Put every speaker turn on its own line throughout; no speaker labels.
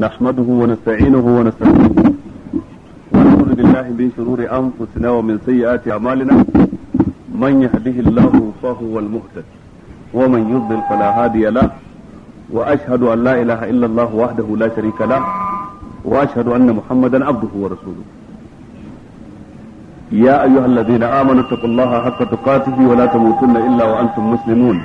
نحمده ونستعينه ونستغفره ونعوذ بالله من شرور انفسنا ومن سيئات اعمالنا من يهده الله فهو المهتد ومن يضلل فلا هادي له واشهد ان لا اله الا الله وحده لا شريك له واشهد ان محمدا عبده ورسوله يا ايها الذين امنوا اتقوا الله حق تقاته ولا تموتن الا وانتم مسلمون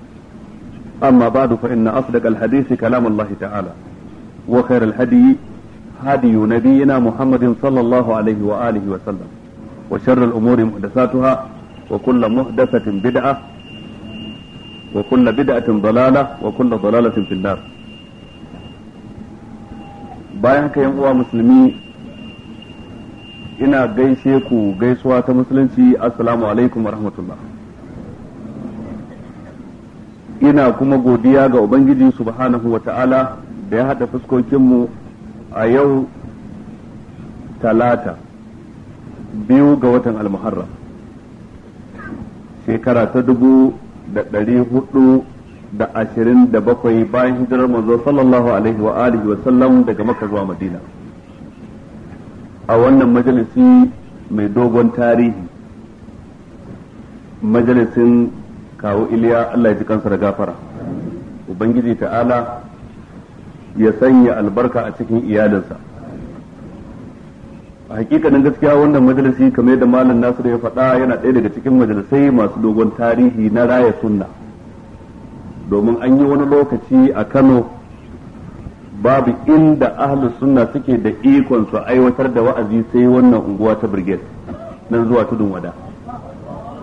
أما بعد فإن أصدق الحديث كلام الله تعالى وخير الهدي هدي نبينا محمد صلى الله عليه وآله وسلم وشر الأمور محدثاتها وكل محدثة بدعة وكل بدعة ضلالة وكل ضلالة في النار bayan ka هو uwa musulmi ina gaishe ku gaisuwa ta musulunci assalamu alaikum wa rahmatullah ina kuma godiya ga ubangiji subhanahu wata'ala da ya haɗa fuskokinmu a yau talata biyu ga watan almuharram shekara ta dubu da ɗari hudu da ashirin da bakwai bayan hijirar manzo sallallahu alaihi wa alihi wa sallam daga makka zuwa madina a wannan majalisi mai dogon tarihi majalisin kawo iliya Allah ya ji kansa da gafara ubangiji ta'ala ya sanya albarka a cikin iyalinsa a hakikanin gaskiya wannan majalisi kamar da malam nasiru ya faɗa yana ɗaya daga cikin majalisai masu dogon tarihi na raya sunna domin an yi wani lokaci a kano babu inda ahli sunna suke da ikon su aiwatar da wa'azi sai wannan unguwa ta brigade nan zuwa tudun wada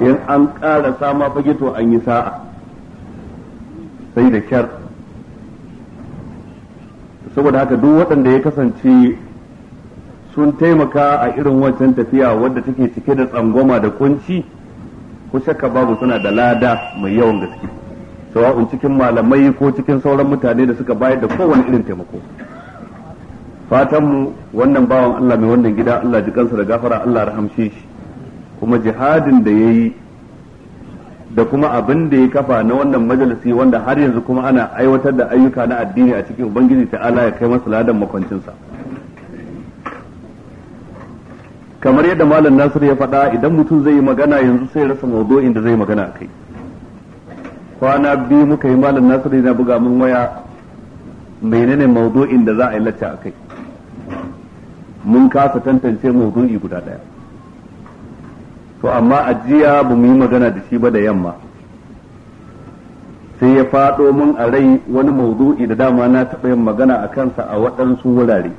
in an ƙara sama fage to an yi sa'a sai da kyar saboda haka duk waɗanda ya kasance sun taimaka a irin wancan tafiya wadda take cike da tsangwama da kunci kusa shakka babu suna da lada mai yawan gaske sawa'un cikin malamai ko cikin sauran mutane da suka bayar da kowane irin taimako fatanmu wannan bawan Allah mai wannan gida Allah ji kansa da gafara Allah rahamshe shi kuma jihadin da ya yi da kuma abin da ya kafa na wannan majalisi wanda har yanzu kuma ana aiwatar da ayyuka na addini a cikin ubangiji ta'ala ya kai masa ladan makwancinsa kamar yadda malam nasir ya faɗa idan mutum zai yi magana yanzu sai rasa maudu'in da zai magana a kai kwana biyu muka yi malam nasir yana buga min waya menene maudu'in da za a yi lacca a kai mun kasa tantance maudu'i guda ɗaya to amma a jiya ba mu yi magana da shi ba da yamma sai ya faɗo min a rai wani maudu'i da dama na taɓa yin magana a kansa a waɗansu wurare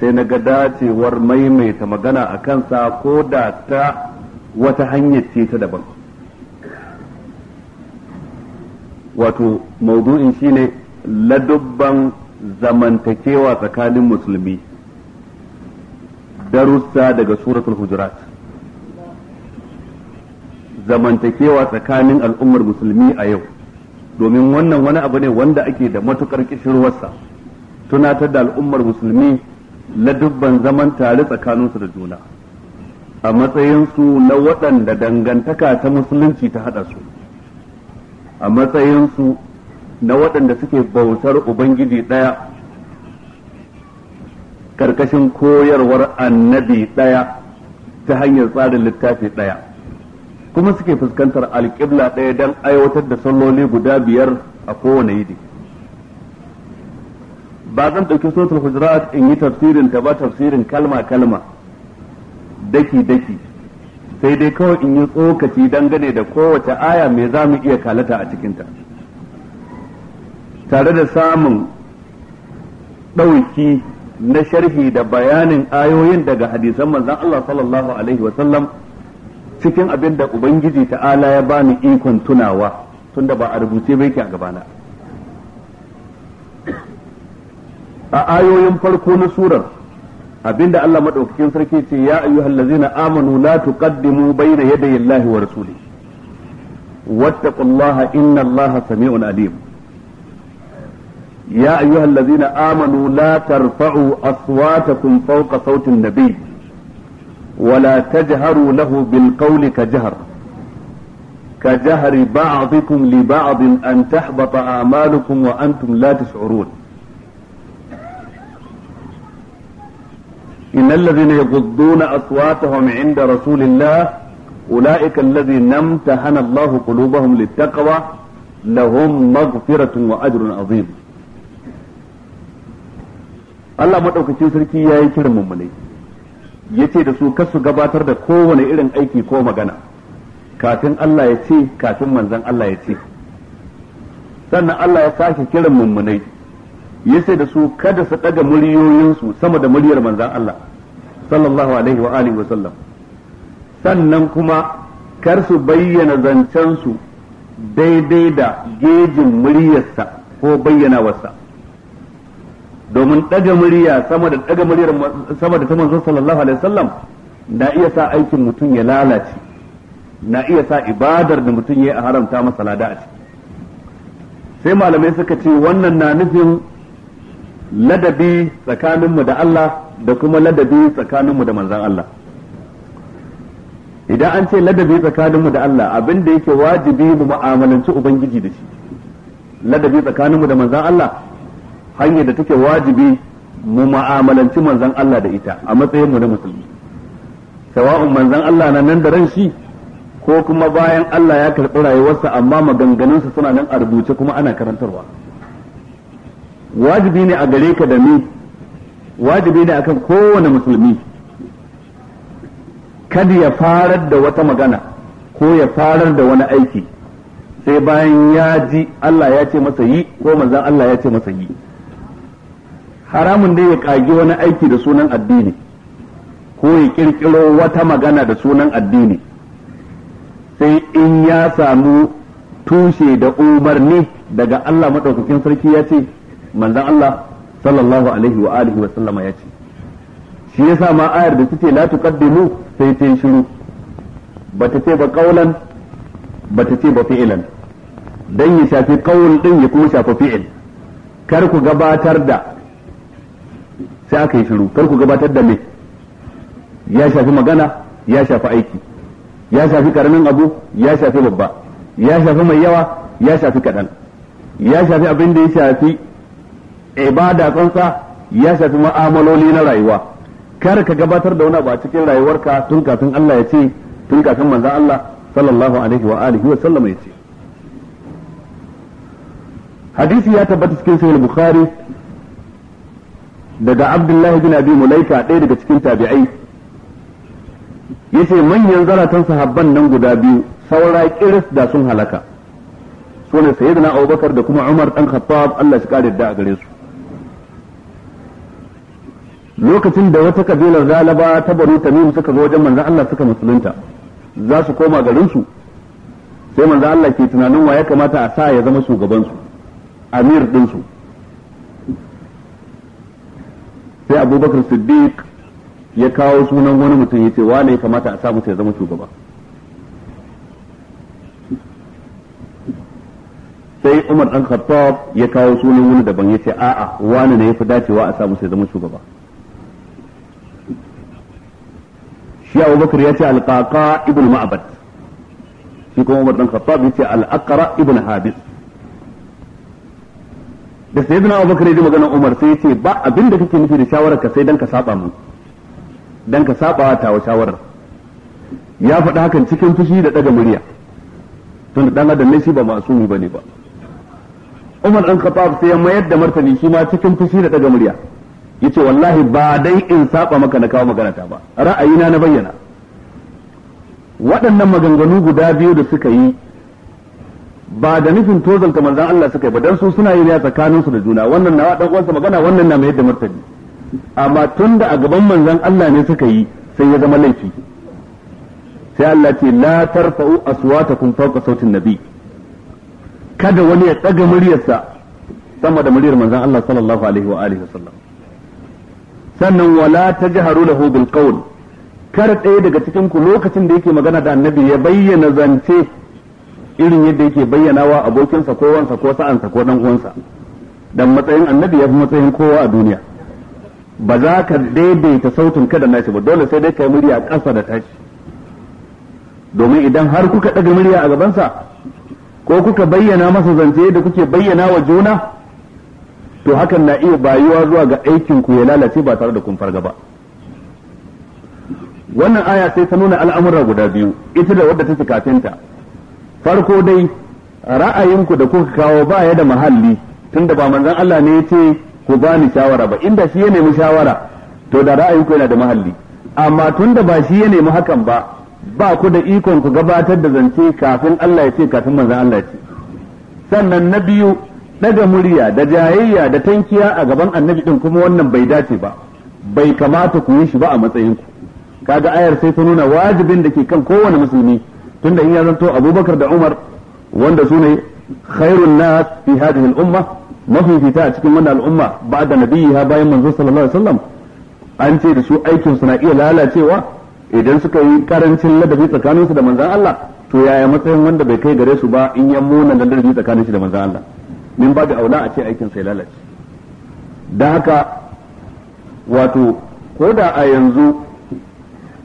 sai na ga dacewar maimaita magana a kansa ko da ta wata hanyar ce ta daban wato maudu'in ne ladubban zamantakewa tsakanin musulmi darussa daga suratul hujurat zamantakewa tsakanin al'ummar musulmi a yau domin wannan wani abu ne wanda ake da matukar kishirwarsa tunatar da al'ummar musulmi ladubban zaman tare tsakaninsu da juna a matsayinsu na waɗanda dangantaka ta musulunci ta haɗa su a matsayinsu na waɗanda suke bautar ubangiji ɗaya ƙarƙashin koyarwar annabi ɗaya ta hanyar tsarin littafi ɗaya kuma suke fuskantar alƙibla ɗaya don aiwatar da salloli guda biyar a kowane yidi ba zan ɗauki sotar hujurat in yi tafsirin ta ba tafsirin kalma kalma daki daki sai dai kawai in yi tsokaci dangane da kowace aya mai za mu iya kalata a cikinta tare da samun ɗauki na sharhi da bayanin ayoyin daga hadisan manzan Allah sallallahu alaihi wasallam cikin abin da ubangiji ta'ala ya bani ikon tunawa tunda ba a rubuce ba yake a gabana a ayoyin farko na surar abinda Allah madaukakin sarki ce ya ayyuhallazina amanu la tuqaddimu bayna yadayi Allahi wa rasuli wattaqullaha inna Allaha sami'un alim ya ayyuhallazina amanu la tarfa'u aswatakum fawqa sautin nabiyyi ولا تجهروا له بالقول كجهر كجهر بعضكم لبعض أن تحبط أعمالكم وأنتم لا تشعرون إن الذين يغضون أصواتهم عند رسول الله أولئك الذين امتحن الله قلوبهم للتقوى لهم مغفرة وأجر عظيم الله مدعوك تيسركي يا كرم مليك ya ce da su kasu gabatar da kowane irin aiki ko magana kafin Allah ya ce kafin manzan Allah ya ce sannan Allah ya sake kiran mummunai ya ce da su kada su ɗaga muryoyinsu sama da muryar manzan Allah sallallahu alaihi wa alihi wa sallam sannan kuma kar su bayyana zancensu daidai da gejin muryarsa ko bayyanawarsa domin ɗaga murya sama da ɗaga muryar sama da ta manzo sallallahu alaihi wasallam na iya sa aikin mutum ya lalace na iya sa ibadar da mutum ya yi a haramta masa lada a ciki sai malamai suka ce wannan na nufin ladabi tsakaninmu da Allah da kuma ladabi tsakaninmu da manzan Allah idan an ce ladabi tsakaninmu da Allah abin da yake wajibi mu mu'amalanci ubangiji da shi ladabi tsakaninmu da manzan Allah hanyar da take wajibi mu mu'amalanci Manzan Allah da ita a matsayin mu na musulmi sawa'un Manzan Allah na nan da ran shi ko kuma bayan Allah ya karɓi rayuwarsa amma maganganunsa suna nan a rubuce kuma ana karantarwa wajibi ne a gare ka da ni wajibi ne akan kowane musulmi kada ya farar da wata magana ko ya farar da wani aiki sai bayan ya ji Allah ya ce masa yi ko Manzan Allah ya ce masa yi haramun dai ya kage wani aiki da sunan addini ko ya kirkiro wata magana da sunan addini sai in ya samu tushe da umarni daga Allah maɗaukakin sarki ya ce manzan Allah sallallahu alaihi wa alihi wa sallama ya ce shi yasa ma ayar da take la tuqaddimu sai ta shiru bata ce ba ba bata ce ba fi'lan dan ya shafi kaul din ya kuma shafi fi'il kar ku gabatar da sai aka yi shiru kar ku gabatar da me ya shafi magana ya shafi aiki ya shafi karamin abu ya shafi babba ya shafi mai yawa ya shafi kaɗan ya shafi abin da ya shafi ibada tsantsa ya shafi ma'amaloli na rayuwa kar ka gabatar da wani abu a cikin rayuwarka tun kafin Allah ya ce tun kafin manzon Allah sallallahu alaihi wa alihi wa sallam ya ce hadisi ya tabbata cikin sahih bukhari daga abdullahi bin abi mulaika ɗaya daga cikin tabi'ai yace manyan zaratan sahabban nan guda biyu saura kiris da sun halaka su ne sayyidina abubakar da kuma umar dan khattab Allah shi kare da a gare su lokacin da wata kabilar zalaba ta baro tamim suka zo wajen manzon Allah suka musulunta za su koma garin su sai manzon Allah ke tunanin wa ya kamata a sa ya zama shugaban su amir din su sai abubakar siddiq ya kawo sunan wani mutum ya ce wane ya kamata a samu sai zama shugaba sai umar dan khattab ya kawo sunan wani daban ya ce a'a wani ne ya fi dacewa a samu sai zama shugaba shi abubakar ya ce alƙaƙa ibn ma'abad shi kuma umar dan khattab ya ce al'aqra ibn habis da yana abubakar ya ji maganar umar sai ya ce ba abin da kake nufi da shawarar ka sai dan ka saba mu dan ka saba ta wa shawarar ya faɗa hakan cikin fushi da ɗaga murya tun da adam ne shi ba masumi bane ba Umar ɗan kafa sai ya mayar da martani shi ma cikin fushi da ɗaga murya Ya ce, wallahi ba dai in saba maka na kawo magana ta ba ra'ayina na bayyana waɗannan maganganu guda biyu da suka yi ba da nufin tozalta manzan Allah suka yi ba dan su suna yi ne tsakanin su da juna wannan na dan uwansa magana wannan na mai da martani amma da a gaban manzan Allah ne suka yi sai ya zama laifi sai Allah ce la tarfa'u aswatakum fawqa sautin nabi kada wani ya tsaga muryarsa sama da muryar manzan Allah sallallahu alaihi wa alihi wasallam sannan wala tajharu lahu bil qawl kar ɗaya daga cikin ku lokacin da yake magana da annabi ya bayyana zance irin yadda yake bayyanawa abokinsa ko wansa ko sa'ansa ko dan uwansa dan matsayin annabi ya fi matsayin kowa a duniya ba za ka daidaita sautin ka da nashi ba dole sai dai kai murya ƙasa da tashi domin idan har kuka ɗaga murya a gabansa ko kuka bayyana masa zance da kuke bayyana wa juna to hakan na iya bayuwa zuwa ga aikin ku ya lalace ba tare da kun farga ba wannan aya sai ta nuna al'amura guda biyu ita da wadda ta kafinta kafinta. farko dai ra'ayinku da kuka kawo ba ya da mahalli tunda ba manzan Allah ne ya ce ku ba ni shawara ba inda shi ya nemi shawara to da ra'ayinku yana da mahalli amma tunda ba shi ya nemi hakan ba ba ku da ikon ku gabatar da zance kafin Allah ya ce kafin manzan Allah ya ce sannan na biyu daga murya da jayayya da tankiya a gaban annabi din kuma wannan bai dace ba bai kamata ku yi shi ba a matsayinku kaga ayar sai ta nuna wajibin da ke kan kowane musulmi tunda in ya zanto abubakar da umar wanda su ne khairun nas fi hadhihi al-umma mafifita a cikin wannan al'umma ba da ha bayan manzo sallallahu alaihi wasallam an ce da su aikin na iya lalacewa idan suka yi karancin ladabi tsakaninsu da manzon Allah to yaya matsayin wanda bai kai gare su ba in ya muna ladabi tsakanin shi da manzon Allah min ba da aula a ce aikin sai lalace dan haka wato ko da a yanzu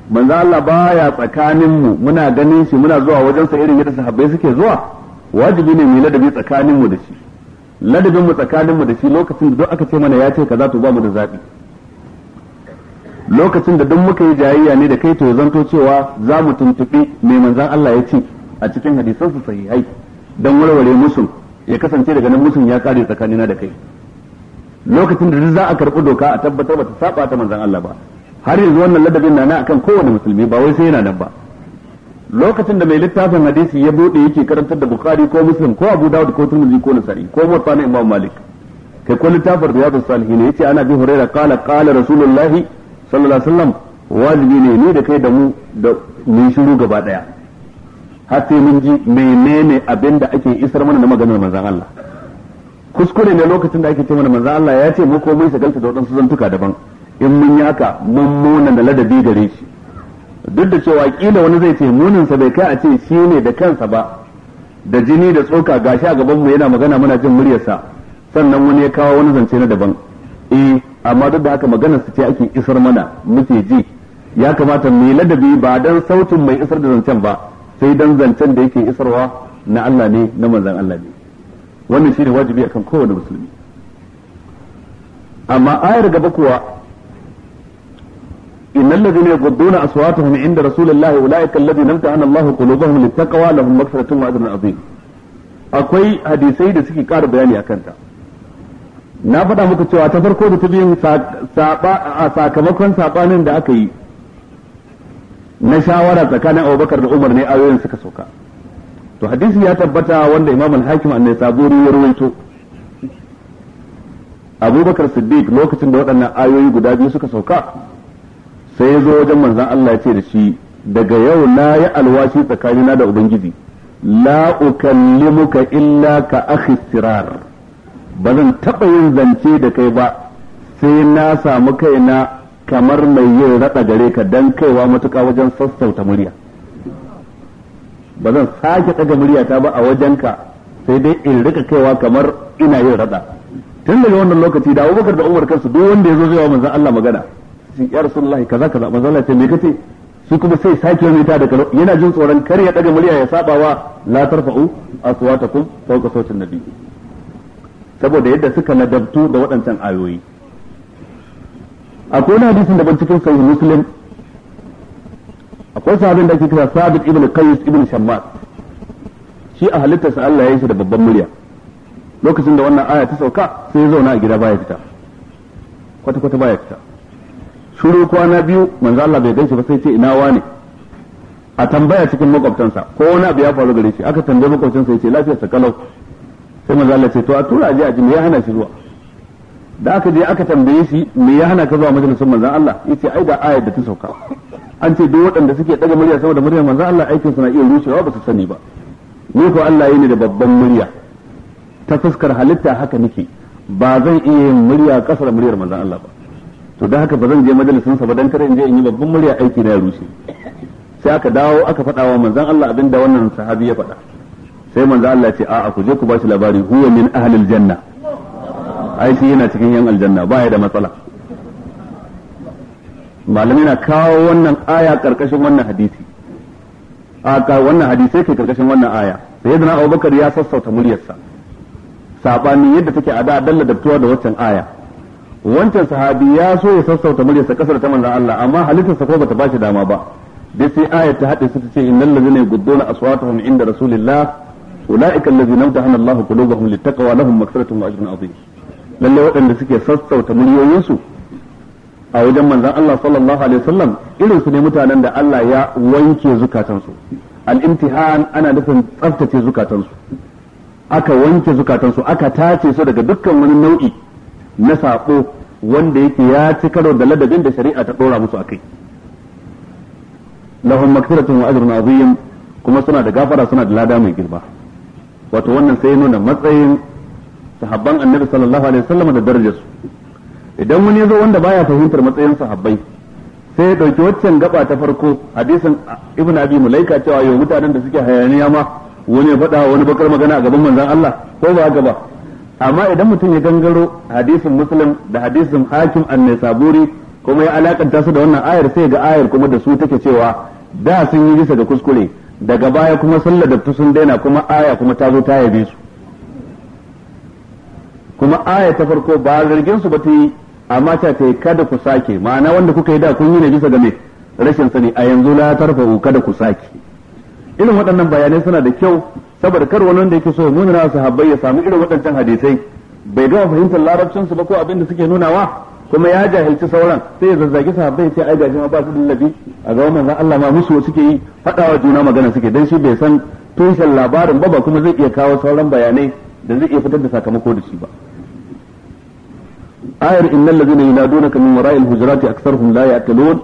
manzo Allah baya tsakanin mu muna ganin shi muna zuwa wajen sa irin yadda sahabbai suke zuwa wajibi ne mu ladabi tsakanin mu da shi ladabin mu tsakanin mu da shi lokacin da duk aka ce mana ya ce kaza to ba mu da zabi lokacin da duk muka yi jayayya ne da kai to zanto cewa za mu tuntuɓi mai manzon Allah ya ce a cikin hadisan su sahihai dan warware musu ya kasance daga nan musu ya kare tsakanina da kai lokacin da duk za a karɓi doka a tabbatar bata saba ta manzon Allah ba har yanzu wannan ladabin na na akan kowane musulmi ba wai sai yana nan ba lokacin da mai littafin hadisi ya bude yake karantar da bukhari ko muslim ko abu dawud ko tirmidhi ko nasari ko muwatta na imam malik kai ko littafin riyadus salihin yace ana bi hurairah qala qala rasulullahi sallallahu alaihi wasallam wajibi ne ni da kai da mu da mu shiru gaba daya har sai mun ji menene abinda ake isar mana na maganar manzon Allah kuskure ne lokacin da ake ce mana manzon Allah ya ce mu ko mun shagalta da wadansu zantuka daban in mun yi haka mun muna da ladabi gare shi duk da cewa kila wani zai ce muninsa bai kai a ce shi ne da kansa ba da jini da tsoka gashi a gaban mu yana magana muna jin muryarsa sannan wani ya kawo wani zance na daban eh amma duk da haka maganar su ce ake isar mana muke ji ya kamata mu yi ladabi ba dan sautin mai isar da zancen ba sai dan zancen da yake isarwa na Allah ne na manzon Allah ne wannan shine wajibi akan kowane musulmi amma ayar gaba kuwa innal ladhina yaghudduna aswatahum inda rasulillahi ulaika alladhina amtahana Allahu qulubahum littaqwa lahum maghfiratun wa ajrun azim akwai hadisai da suke ƙara bayani akan ta na faɗa muku cewa ta farko da ta biyun sakamakon sabanin da aka yi na shawara tsakanin Abubakar da Umar ne ayoyin suka sauka to hadisi ya tabbata wanda imam al-hakim annai saburi ya ruwaito abubakar siddiq lokacin da waɗannan ayoyi guda biyu suka sauka sai ya zo wajen manzan Allah ya ce da shi daga yau na yi alwashi tsakanina da ubangiji la ukallimuka illa ka akhi sirar ba zan taɓa yin zance da kai ba sai na samu kaina kamar mai yin raɗa gare ka dan kaiwa matuƙa wajen sassauta murya ba zan sake ɗaga muryata ba a wajenka sai dai in rika kaiwa kamar ina yin raɗa tun daga wannan lokaci da abubakar da umar kansu duk wanda ya zo zai wa manzan Allah magana shi ya rasulullahi kaza kaza manzo Allah ya ce me kace su kuma sai sake wani ta daga yana jin tsoron kar ya daga murya ya saba wa la tarfa'u aswatakum fawqa sautin nabi saboda yadda suka ladabtu da waɗancan ayoyi akwai wani hadisin da ban cikin sahih muslim akwai sahabin da ake kira sabit ibn qais ibn shammar shi a halittarsa Allah ya yi shi da babban murya lokacin da wannan aya ta sauka sai ya zauna a gida baya fita kwata kwata baya fita shiru kwana biyu manzo Allah bai gaishe ba sai ce ina wane a tambaya cikin makwabtansa ko wani abu ya faru gare shi aka tambaye makwabtansa ya ce lafiyar sa kalau sai manzo Allah ya ce to a tura je a ji me ya hana shi zuwa da aka je aka tambaye shi me ya hana ka zuwa majalisin manzo Allah ce ai da ayar da ta sauka an ce duk waɗanda suke daga murya saboda murya manzo Allah aikin na iya rushewa ba su sani ba ni ko Allah yi ni da babban murya ta fuskar halitta haka nake ba zan iya yin murya kasar muryar manzo Allah ba to da haka ba zan je majalisin sa ba dan kare in je in yi babban murya aiki na ya rushe sai aka dawo aka faɗa wa manzon Allah abin da wannan sahabi ya faɗa sai manzon Allah ya ce a'a ku je ku ba shi labari huwa min ahlil janna ai shi yana cikin yan aljanna ba ya da matsala malami na kawo wannan aya karkashin wannan hadisi a wannan hadisi ke karkashin wannan aya sai da Abubakar ya sassauta muryarsa sabani yadda take a da dalla da da waccan aya wancan sahabi ya so ya sassauta muryarsa kasar ta manzon Allah amma halittarsa ko bata bashi dama ba dai sai ayat ta hade su ta ce innal ladzina yughudduna aswatahum inda rasulillah ulaika allazina amtahana Allahu qulubahum littaqwa lahum maghfiratun wa ajrun azim lalle waɗanda suke sassauta muryoyinsu a wajen manzon Allah sallallahu alaihi wasallam irin su ne mutanen da Allah ya wanke zukatansu al-imtihan ana nufin tsaftace zukatansu aka wanke zukatansu aka tace su daga dukkan wani nau'i na saƙo wanda yake ya ci karo da ladabin da shari'a ta ɗora musu a kai lahum maghfiratun wa ajrun azim kuma suna da gafara suna da lada mai girma wato wannan sai nuna matsayin sahabban annabi sallallahu alaihi wasallam da darajarsu idan wani ya zo wanda baya fahimtar matsayin sahabbai sai ya ɗauki waccan gaba ta farko hadisin ibnu abi mulaika cewa yau mutanen da suke hayaniya ma wani ya faɗa wani bakar magana a gaban manzon Allah ko ba gaba amma idan mutum ya gangaro hadisin muslim da hadisin hakim an saburi kuma ya alakanta su da wannan ayar sai ga ayar kuma da su take cewa da sun yi bisa ga kuskure daga baya kuma sallar da sun daina kuma aya kuma ta zo ta yabe su kuma aya ta farko ba zargin su ba ta yi amma ta ta kada ku sake ma'ana wanda kuka yi da kun yi ne bisa ga me rashin sani a yanzu la tarfa'u kada ku sake irin waɗannan bayanai suna da kyau saboda kar wani wanda yake so ya nuna na sahabbai ya samu irin waɗancan hadisai bai gama fahimtar larabcin su ba ko abin da suke nunawa kuma ya jahilci sauran sai ya zazzagi sahabbai sai ai gashi ma ba su da a ga wannan Allah ma musu suke yi faɗawa juna magana suke dan shi bai san tushen labarin ba ba kuma zai iya kawo sauran bayanai da zai iya fitar da sakamako da shi ba ayar innal ladina yunadunaka min wara'il hujurati aktharuhum la ya'qilun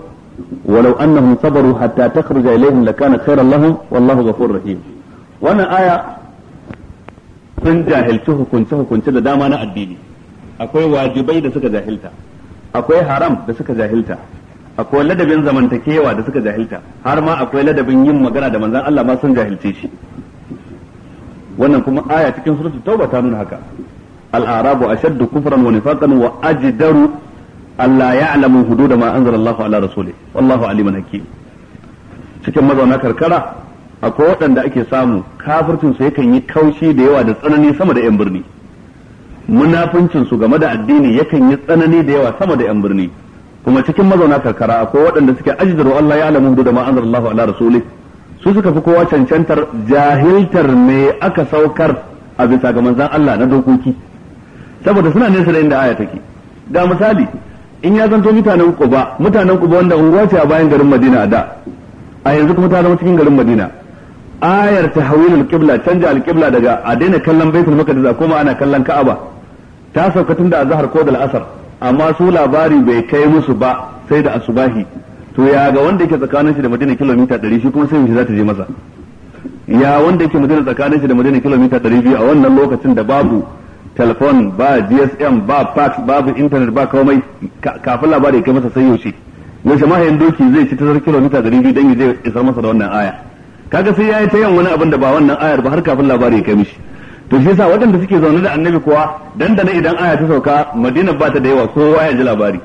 ولو أنهم صبروا حتى تخرج إليهم لكان خيرا لهم والله غفور رحيم wannan aya sun jahilci hukunce hukunce da dama na addini akwai wajibai da suka jahilta akwai haram da suka jahilta akwai ladabin zamantakewa da suka jahilta har ma akwai ladabin yin magana da manzan Allah ma sun jahilce shi wannan kuma aya cikin suratu tauba ta nuna haka al-arabu ashaddu kufran wa nifaqan wa ajdaru alla ya'lamu hududa ma anzala Allah ala rasulih wallahu aliman hakim cikin mazauna karkara akwai waɗanda ake samu kafircin yakan yi kaushi da yawa da tsanani sama da yan birni munafincin su game da addini yakan yi tsanani da yawa sama da yan birni kuma cikin mazauna karkara akwai waɗanda suke ajdaru Allah ya alamu da ma Allah ala rasulih su suka fi kowa cancantar jahiltar me aka saukar a bisa ga manzan Allah na dokoki saboda suna nesa da inda aya take ga misali in ya zanto mutanen Quba mutanen Quba wanda unguwa ce a bayan garin Madina da a yanzu kuma ta zama cikin garin Madina ayar tahwil al-qibla canja al-qibla daga a daina kallon baitul maqdis a koma ana kallon ka'aba ta sauka tun da azhar ko da asar amma su labari bai kai musu ba sai da asubahi to ya ga wanda yake tsakanin shi da madina kilomita 100 shi kuma sai shi za ta je masa ya wanda yake madina tsakanin shi da madina kilomita 200 a wannan lokacin da babu telefon ba GSM ba fax babu internet ba komai kafin labari kai masa sai yaushe yaushe ma doki zai ci tazar kilomita 200 dan ya je isa masa da wannan aya kaga sai yayi ta yin wani abin da ba wannan ayar ba har kafin labari ya kai mishi to shi yasa waɗanda suke zaune da annabi kuwa dandana idan aya ta sauka madina ba ta da yawa kowa ya ji labari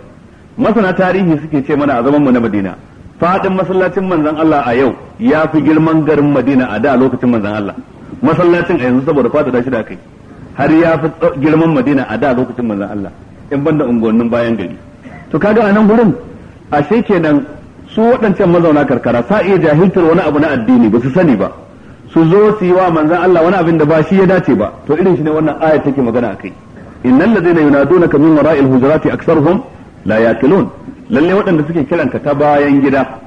masana tarihi suke ce mana a zaman mu na madina fadin masallacin manzon Allah a yau ya fi girman garin madina a da lokacin manzon Allah masallacin a yanzu saboda fadada shi da kai har ya fi girman madina a da lokacin manzon Allah in banda unguwannin bayan gari to kaga a nan gurin ashe kenan su waɗancan mazauna karkara sa iya jahiltar wani abu na addini ba su sani ba su zo su yi wa manzan Allah wani abin da ba shi ya dace ba to irin shi ne wannan ayat take magana akai innal ladzina yunadunaka min wara'il hujurati aktharuhum la yaqilun lalle waɗanda suke kiranka ta bayan gida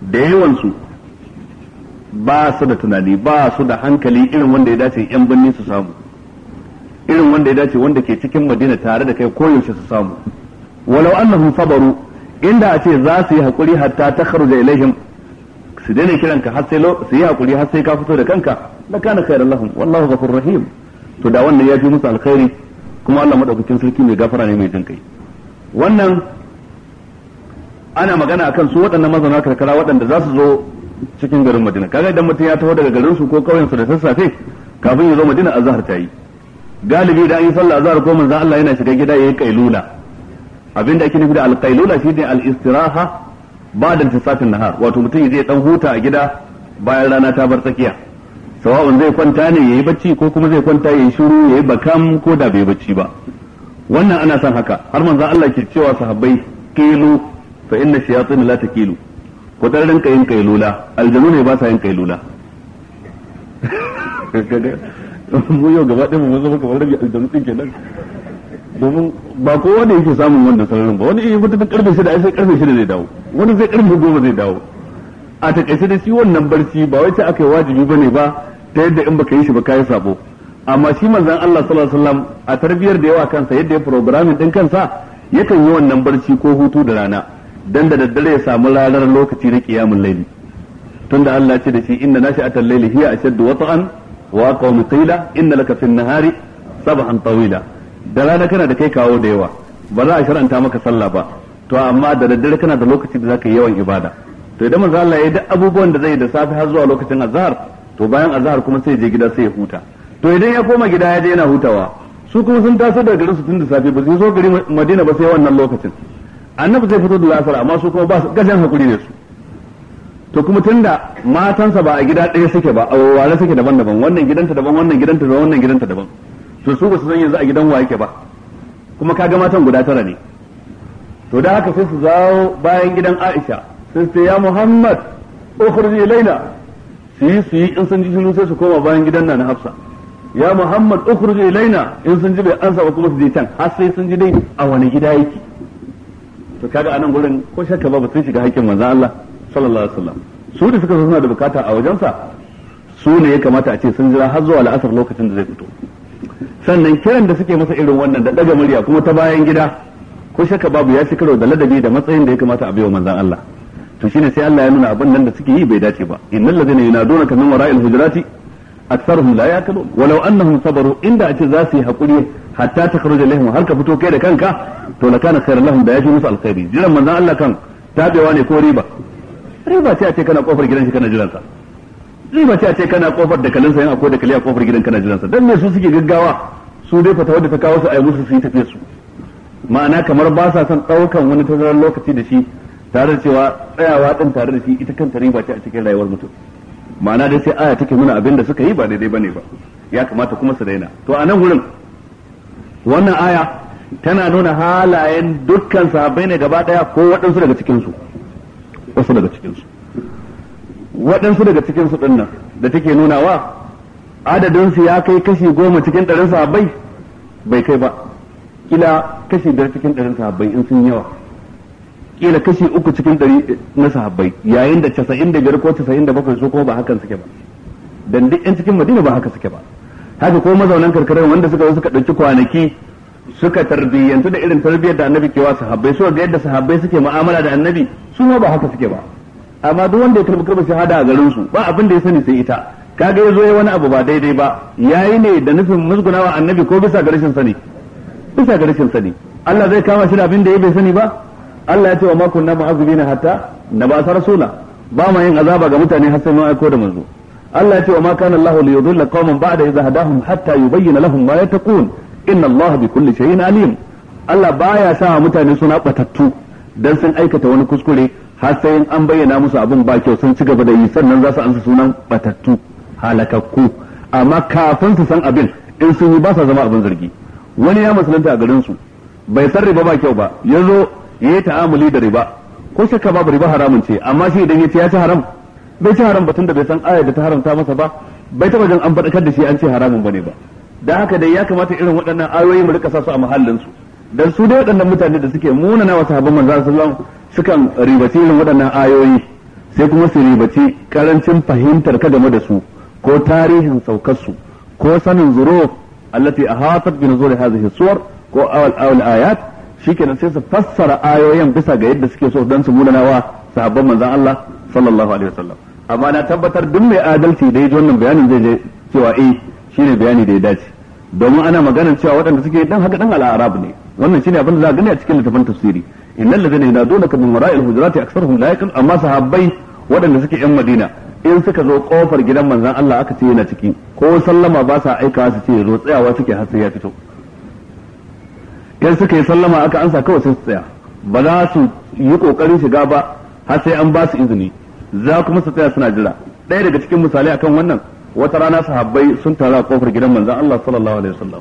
da yawan su ba su da tunani ba su da hankali irin wanda ya dace yan birni su samu irin wanda ya dace wanda ke cikin madina tare da kai koyaushe su samu walau annahum sabaru inda a ce za su yi hakuri hatta ta kharuja ilaihim su daina kiran ka har sai su yi haƙuri har sai ka fito da kanka la kana khairan lahum wallahu ghafur rahim to da wannan ya fi musu alkhairi kuma Allah madaukakin sarki mai gafara ne mai kai. wannan ana magana akan su waɗannan mazauna karkara waɗanda za su zo cikin garin Madina kaga idan mutum ya taho daga garin su ko kauyen su da sassafe kafin ya zo Madina azhar ta yi galibi da an yi sallah azhar ko manzon Allah yana shiga gida yayin kailula abinda ake nufi da alqailula ne al-istiraha ba'da intisafin nahar wato mutum zai dan huta a gida bayan rana ta bar tsakiya sawa'un zai kwanta ne yayi bacci ko kuma zai kwanta yayi shiru yayi bakam ko da bai bacci ba wannan ana son haka har manzon Allah ke cewa sahabbai kilu fa inna shayatin la takilu ko dan rinka yin kailula aljanu ne ba sa yin kailula mu yau gaba ɗaya mu zama kamar rabi aljanu din kenan domin ba kowa da yake samun wannan sararin ba wani iya fita ta karfe shida a sai karfe shida zai dawo wani sai karfe goma zai dawo a takaice da shi wannan barci ba wai ta aka yi wajibi ba ne ba ta yadda in baka yi shi ba ka yi sabo amma shi manzan Allah sallallahu alaihi wasallam a tarbiyar da yawa kansa yadda ya programin din kansa yakan yi wannan barci ko hutu da rana dan da daddare ya samu ranar lokaci na qiyamul laili tunda Allah ce da shi inna nashi'atal layli hiya ashaddu wata'an wa inda qila inna laka fin nahari sabahan tawila da rana kana da kai kawo da yawa ba za a shar'anta maka sallah ba to amma da daddare kana da lokaci da zaka yi yawan ibada to idan manzo Allah ya duk abubuwan da zai yi da safe har zuwa lokacin azhar to bayan azhar kuma sai je gida sai ya huta to idan ya koma gida ya je yana hutawa su kuma sun taso daga garin su tun da safe ba su zo gari Madina ba sai wannan lokacin annabi zai fito da la'asar amma su kuma ba su gajen hakuri ne su to kuma tunda matansa ba a gida ɗaya suke ba a wawale suke daban-daban wannan gidanta daban wannan gidanta daban wannan gidanta daban to su ba su san yanzu a gidan wa yake ba kuma ka ga matan guda tara ne to da haka sai su zawo bayan gidan Aisha sai su ya Muhammad ukhrij ilaina su yi su yi in sun ji shiru sai su koma bayan gidan na Hafsa ya Muhammad ukhrij ilaina in sun ji bai ansa ba kuma su je can har sai sun ji dai a wani gida yake to kaga anan gurin ko shakka ba sun shiga hakkin manzon Allah sallallahu alaihi wasallam su da suka zo suna da bukata a wajensa su ne ya kamata a ce sun jira har zuwa la'asar lokacin da zai fito sannan kiran da suke masa irin wannan da daga murya kuma ta bayan gida ko shaka babu ya ci karo da ladabi da matsayin da ya kamata a baiwa manzan Allah to shine sai Allah ya nuna abin nan da suke yi bai dace ba innal ladina yunadunaka min wara'il hujurati aktharuhum la yaqilun walau annahum sabaru inda ace za su yi hakuri hatta takhruj lahum har ka fito kai da kanka to lakana khairan lahum da yaji musu alkhairi jiran manzan Allah kan tabewa ne ko riba riba ce a ce kana kofar gidan shi kana jiran sa in mace a ce kana kofar da kalinsa yana akwai da kaliya a kofar gidan kana jiransa dan me su suke gaggawa su dai fata wanda ta kawo su a yi musu su yi tafiye su ma'ana kamar ba sa son ɗaukan wani tazarar lokaci da shi tare da cewa tsayawa ɗin tare da shi ita kanta riba ce a cikin rayuwar mutum ma'ana dai sai aya take nuna abin da suka yi ba daidai bane ba ya kamata kuma su daina to a nan wurin wannan aya tana nuna halayen dukkan sahabbai ne gaba daya ko waɗansu daga cikinsu wasu daga cikinsu waɗansu daga cikin su ɗinnan da take nunawa adadin su ya kai kashi goma cikin ɗarin sahabbai bai kai ba kila kashi biyar cikin ɗarin sahabbai in sun yawa kila kashi uku cikin ɗari na sahabbai yayin da casa'in da biyar ko casa'in da bakwai su ko ba hakan suke ba dan duk yan cikin madina ba haka suke ba haka ko mazaunan karkarar wanda suka zo suka ɗauki kwanaki suka tarbiyyantu da irin tarbiyyar da annabi ke wa sahabbai suka ga yadda sahabbai suke mu'amala da annabi su ma ba haka suke ba amma duk wanda ya karbi karba shahada a garin su ba abin da ya sani sai ita kaga yazo ya wani abu ba daidai ba yayi ne da nufin musgunawa annabi ko bisa ga rashin sani bisa ga sani Allah zai kama shi da abin da ya bai sani ba Allah ya ce wa ma kunna mu'azzibina hatta nabasa rasula ba ma yin azaba ga mutane har sai mun aiko da manzo Allah ya ce wa ma kana Allah li yudilla qauman ba'da idha hadahum hatta yubayyana lahum ma yattaqun inna Allah bi kulli shay'in alim Allah baya sa mutane suna batattu dan sun aikata wani kuskure har sai an bayyana musu abin ba kyau sun ci gaba da yi sannan za su ansa sunan batattu halakakku amma kafin su san abin in sun yi ba sa zama abin zargi wani ya musulunta a garin su bai san riba ba kyau ba ya zo ya yi ta'amuli da riba ko shakka babu riba haramun ce amma shi idan ya ce ya ci haram bai ci haram batun da bai san ayar da ta haramta masa ba bai taba jan an faɗakar da shi an ce haramun bane ba dan haka dai ya kamata irin waɗannan ayoyi mu rika sa a mahallin su dan su dai waɗannan mutane da suke munana wa sahabban manzo sallallahu alaihi wasallam sukan ribaci irin waɗannan ayoyi sai kuma su ribaci karancin fahimtar ka game da su ko tarihin saukarsu ko sanin a allati ahatat bi da hadhihi suwar ko awal awal ayat shikenan sai su fassara ayoyin bisa ga yadda suke so dan su mulanawa sahabban manzon Allah sallallahu alaihi wasallam amma na tabbatar duk mai adalci da ya ji wannan bayanin zai je cewa eh shine bayani da ya dace domin ana maganar cewa waɗanda suke dan haka dan al'arab ne wannan shine abin da za a gani a cikin littafin tafsiri innal ladina yunadunaka min wara'il hujurati aktharuhum la yaqil amma sahabbai waɗanda suke yan Madina in suka zo kofar gidan manzon Allah aka ce yana ciki ko sallama ba sa aikawa su ce zo tsayawa suke har sai ya fito in suka yi sallama aka ansa kawai sai su tsaya ba za su yi kokarin shiga ba har sai an ba su izini za kuma su tsaya suna jira ɗaya daga cikin misalai akan wannan wata rana sahabbai sun taru a kofar gidan manzon Allah sallallahu alaihi wasallam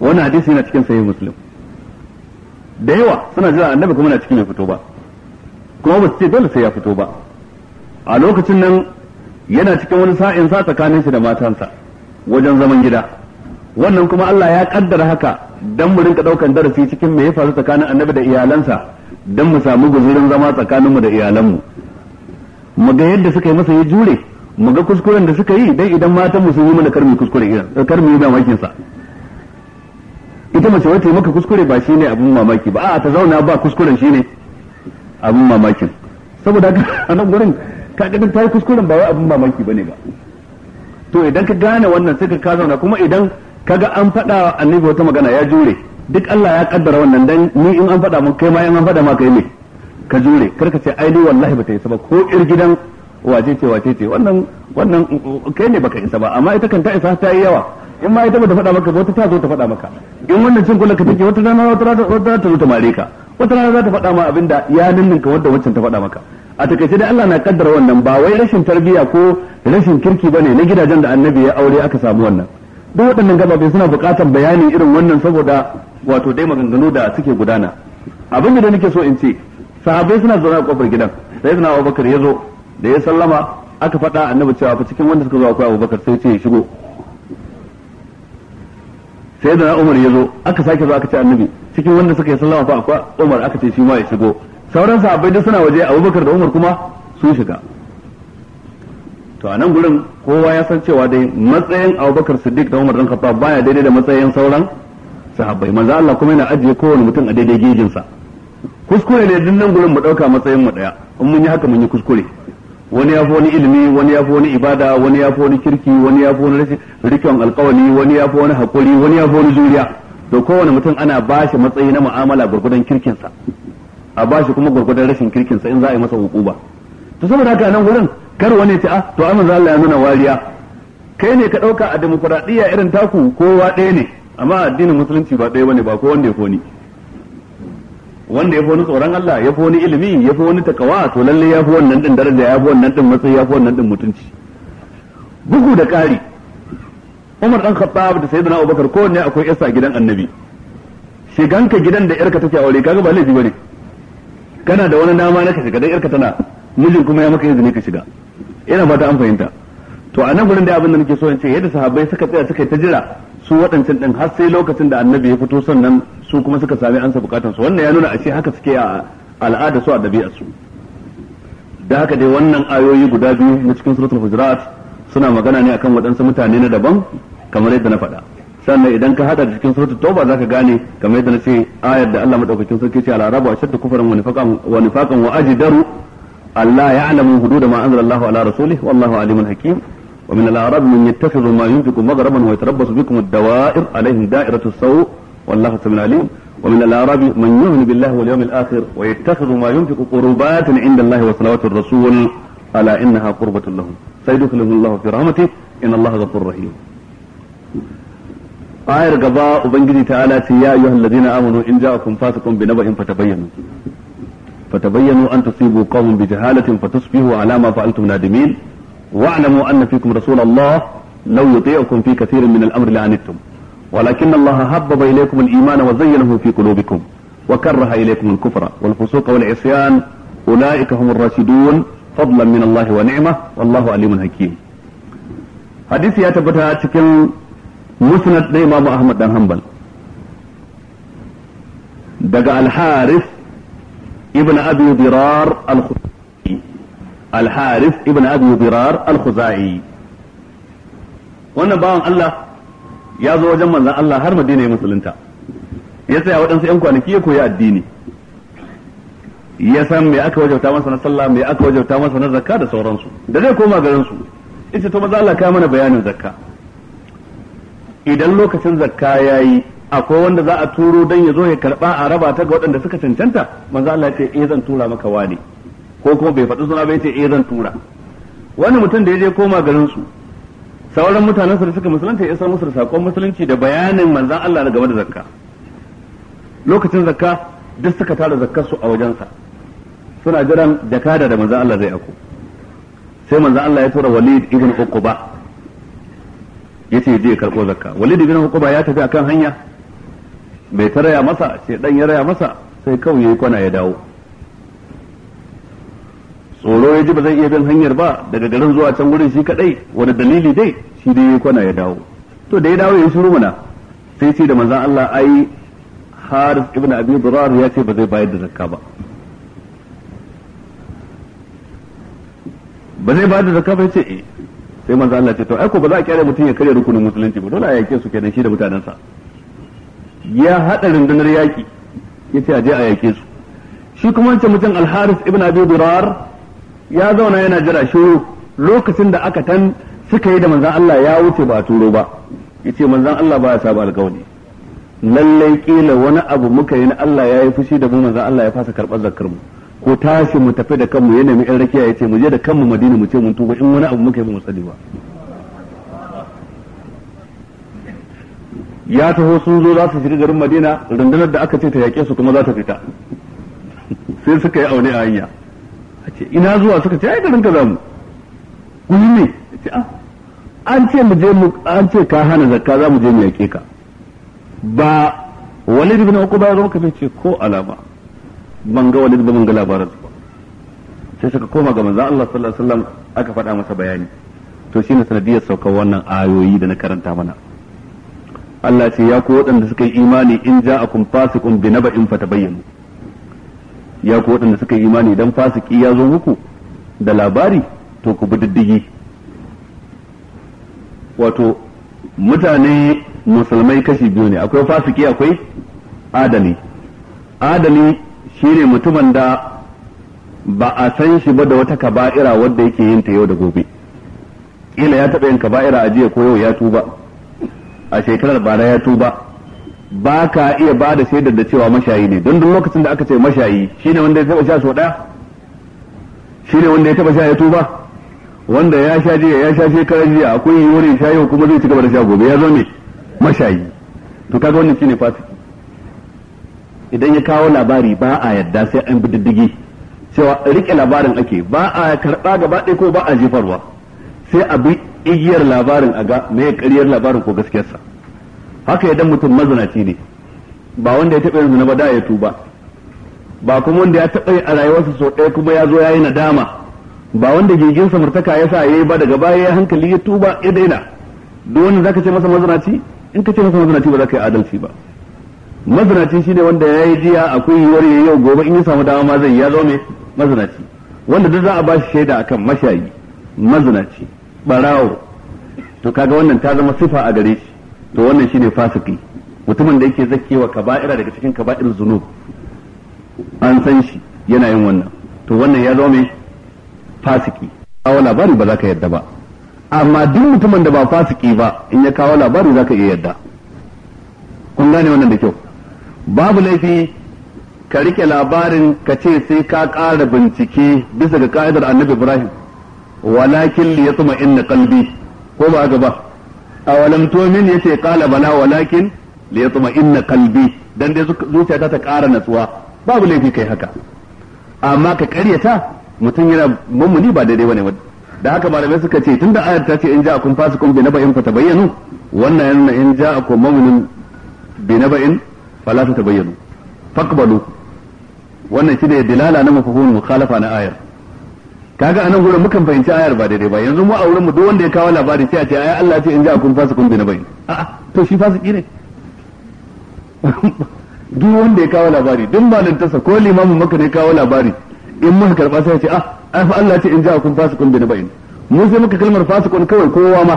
wannan hadisi yana cikin sahih muslim da yawa suna jira annabi kuma na cikin ya fito ba kuma ba su ce dole sai ya fito ba a lokacin nan yana cikin wani sa'in sa tsakanin shi da matansa wajen zaman gida wannan kuma Allah ya kaddara haka dan mu rinka daukan darasi cikin me ya faru tsakanin annabi da iyalansa dan mu samu guzurin zama tsakanin mu da iyalan mu ga yadda suka yi masa ya jure mu ga kuskuren da suka yi dan idan matan mu sun yi mana karmi kuskure irin karmi da makin sa ita mace wata maka kuskure ba shi ne abin mamaki ba a ta zauna ba kuskuren shi ne abin mamakin saboda a nan gurin ka ga ta yi kuskuren ba wai abin mamaki bane ba to idan ka gane wannan sai ka zauna kuma idan ka ga an faɗa annabi wata magana ya jure duk Allah ya kaddara wannan dan ni in an faɗa mun kai ma in an faɗa ma kai ne ka jure kar ka ce ai ni wallahi ta yi ba ko ir gidan wace ce wace ce wannan wannan kai ne baka isa ba amma ita kan ta isa ta yi yawa in ma ita bata faɗa maka ba wata ta zo ta faɗa maka in wannan cin kullaka take wata rana wata rana wata ta zo ta mare ka wata rana za ta faɗa ma abinda ya ka wanda waccan ta faɗa maka a takaice dai Allah na kaddara wannan ba wai rashin tarbiyya ko rashin kirki bane na gidajen da annabi ya aure aka samu wannan duk waɗannan gababai suna buƙatar bayani irin wannan saboda wato dai maganganu da suke gudana abin da nake so in ce sahabbai suna zaune a kofar gidan sai suna Abubakar ya zo da ya sallama aka faɗa annabi cewa fa cikin wanda suka zo akwai Abubakar sai ce ya shigo sai da Umar ya zo aka sake zo aka ce annabi cikin wanda suka yi sallama fa akwa Umar aka ce shi ma ya shigo sauran sahabbai duk suna waje Abubakar da Umar kuma sun shiga to a gurin kowa ya san cewa dai matsayin Abubakar Siddiq da Umar dan Khattab baya daidai da matsayin sauran sahabbai manzo Allah kuma yana ajiye kowane mutum a daidai gejinsa kuskure ne duk nan gurin mu dauka matsayin mu daya in mun yi haka mun yi kuskure wani ya fi wani ilimi wani ya fi wani ibada wani ya fi wani kirki wani ya fi wani rikon alkawari wani ya fi wani hakuri wani ya fi wani juriya to kowane mutum ana ba shi matsayi na mu'amala gurgudan kirkinsa a ba shi kuma gurgudan rashin kirkinsa in za a yi masa hukuba to saboda haka nan wurin kar wani ce ah to amma Allah ya nuna wariya kai ne ka dauka a demokradiyya irin taku kowa ɗaya ne amma addinin musulunci ba ɗaya bane ba ko wanda ya koni wanda ya fi wani tsoron Allah ya fi wani ilimi ya fi wani takawa to lalle ya fi wannan din daraja ya fi wannan din matsayi ya fi wannan din mutunci bugu da ƙari Umar dan Khattab da Sayyidina Abubakar ne akwai isa gidan Annabi shiganka gidan da yarka take aure kaga ba laifi bane kana da wani dama na ka shiga dan yarka tana mijin kuma ya maka izini ka shiga ina ba ta an fahimta to a nan gurin da abin da nake so in ce yadda sahabbai suka tsaya suka ta jira su waɗancan ɗin har sai lokacin da annabi ya fito sannan su kuma suka sami ansa bukatan su wannan ya nuna ashe haka suke a al'ada su a ɗabi'ar su da haka dai wannan ayoyi guda biyu na cikin suratul hujurat suna magana ne akan waɗansu mutane na daban kamar yadda na faɗa sannan idan ka hada cikin suratul tauba zaka gane kamar yadda na ce ayar da Allah madaukakin sarki ce al-arabu ashaddu kufran wa nifaqan wa ajdaru Allah ya'lamu hudud ma anzalallahu Allahu ala rasulihi wallahu alimun hakim ومن الأعراب من يتخذ ما ينفق مغرما ويتربص بكم الدوائر عليهم دائرة السوء والله سميع عليم ومن الأعراب من يؤمن بالله واليوم الآخر ويتخذ ما ينفق قربات عند الله وصلوات الرسول ألا إنها قربة لهم سيدخلهم الله في رحمته إن الله غفور رحيم آير قضاء ubangiji تعالى يا أيها الذين آمنوا إن جاءكم فاسق بنبأ فتبينوا فتبينوا أن تصيبوا قوم بجهالة فتصبحوا على ما فعلتم نادمين واعلموا أن فيكم رسول الله لو يطيعكم في كثير من الأمر لعنتم ولكن الله هبب إليكم الإيمان وزينه في قلوبكم وكره إليكم الكفر والفسوق والعصيان أولئك هم الراشدون فضلا من الله ونعمة والله عليم حكيم حديث ياتبتها شكل مسند musnad احمد بن حنبل. دقا الحارث ابن ابي ضرار الخطيب الحارث ابن ibn ضرار الخزاعي wannan bawan Allah ya zo wajen manzon Allah har Madina ya musulunta ya tsaya waɗansu yan kwanaki ya koyi addini ya san me aka wajauta masa na sallah me aka wajauta masa na zakka da sauransu da zai koma garin su ita to maza Allah ka mana bayanin zakka idan lokacin zakka yayi akwai wanda za a turo dan ya zo ya karba a raba ta ga waɗanda suka cancanta maza Allah ya ce eh zan tura maka wani ko kuma bai faɗi suna bai ce eh zan tura wani mutum da ya je koma garin su sauran mutanen da suka musulunta ya samu musu sakon musulunci da bayanin manzan Allah game da zakka lokacin zakka duk suka tara zakkar su a wajensa suna jiran jakada da manzan Allah zai ako sai manzan Allah ya tura Walid ibn Uqba ce je karɓo zakka Walid ibn Uqba ya tafi akan hanya bai taraya masa sai dan ya raya masa sai kawai yi kwana ya dawo tsoro ya ji ba zai iya bin hanyar ba daga garin zuwa can wurin shi kadai wani dalili dai shi dai ya kwana ya dawo to da ya dawo ya shiru mana sai ce da manzon Allah ai har ibn Abi Durar ya ce ba zai bayar da zakka ba ba zai bayar da zakka ba ce eh sai manzon Allah ce to ai ko ba za a kyale mutum ya karya rukunin musulunci ba dole a yake su kenan shi da mutanensa ya hada rundunar yaki yace a je a yake su shi kuma wancan mutum al ibn Abi Durar ya zauna yana jira shiru lokacin da aka tan suka yi da manzan Allah ya wuce ba turo ba ya ce manzan Allah ba ya saba alƙawari lallai kila wani abu muka yi na Allah ya yi fushi da mu manzan Allah ya fasa karɓar zakar mu ko tashi mu tafi da kanmu ya nemi rakiya ya ce mu je da kanmu madina mu ce mun tuba in wani abu muka yi ba mu sani ba ya taho sun zo za su shiga garin madina rundunar da aka ce ta yaƙe su kuma za ta fita sai suka yi aune a hanya ce ina zuwa suka ce ai garin ka zamu kuyi ne ce a ah, an ce mu je mu an ce ka hana zakka za mu je mu yake ka ba walid ibn uqba ya ka ce ko alama ban ga walid ban ga labarin ba sai suka koma ga manzon Allah sallallahu alaihi wasallam aka faɗa masa bayani to shine sanadiyar saukar wannan ayoyi da na karanta mana Allah ce ya ku waɗanda suka yi imani in ja'akum fasiqun bi naba'in fatabayyanu ya ku waɗanda suka yi imani idan fasiki ya zo muku da labari to ku bi diddigi wato mutane musulmai kashi biyu ne akwai fasiki akwai adali adali ne mutumin da ba a san shi ba da wata kaba'ira wadda yake yin ta yau da gobe kila ya taɓa yin kaba'ira a jiya ko yau ya tuba a shekarar bara ya tuba ba ka iya ba da shaidar da cewa mashayi ne don duk lokacin da aka ce mashayi shi ne wanda ya taba sha ɗaya shi ne wanda ya taba sha ya tuba wanda ya sha jiya ya sha shekarar jiya akwai yiwuwar ya sha yau kuma zai ci gaba da sha gobe ya zo ne mashayi to kaga wannan shine fasiki idan ya kawo labari ba a yadda sai an bi diddigi cewa rike labarin ake ba a karba gaba ɗaya ko ba a jefarwa sai a bi igiyar labarin a ga me ƙaryar labarin ko gaskiyarsa haka idan mutum mazinaci ne ba wanda ya taɓa yin zina ba da ya tuba ba kuma wanda ya taɓa a rayuwarsa sau ɗaya kuma ya zo ya yi nadama ba wanda gigin samartaka ya sa ya yi ba daga baya ya hankali ya tuba ya daina duk wanda zaka ce masa mazanaci in ka ce masa mazinaci ba za ka yi adalci ba mazinaci shine wanda ya yi jiya akwai yiwuwar ya yau gobe in ya samu dama ma zai ya zo ne wanda duk za a ba shi shaida kan mashayi mazinaci barawo to kaga wannan ta zama sifa a gare shi to wannan shine fasiki mutumin da yake zakewa kaba'ira daga cikin kaba'ir zunub an san shi yana yin wannan to wannan ya zama mai fasiki kawo labari ba za ka yadda ba amma duk mutumin da ba fasiki ba in ya kawo labari za ka iya yadda kun gane wannan da kyau babu laifi ka rike labarin ka ce sai ka ƙara bincike bisa ga ka'idar annabi ibrahim walakin li inna qalbi ko ba ga ba awalam tu'min yace qala bala walakin li yatma'inna qalbi dan dai zuciyata ta ƙara natsuwa babu laifi kai haka amma ka karyata mutum yana mummuni ba daidai bane da haka malamai suka ce tunda ayar ta ce in ja ja'akum fasikum bi naba'in tabayyanu wannan yana in ja ja'akum mu'minun bi naba'in fala tabayyanu fakbalu wannan shi ne dilala na mafhumul mukhalafa na ayar kaga anan gurin mukan fahimci ayar ba daidai ba yanzu mu a wurin mu duk wanda ya kawo labari sai a ce ayi Allah ce in ja kun fasikun bi na bai a'a to shi fasiki ne duk wanda ya kawo labari duk tasa ko limamin maka ne kawo labari in muka karba sai ya ce a ah, ai fa Allah ce in ja kun fasikun bi na bai mu sai muka kalmar fasikun kawai kowa ma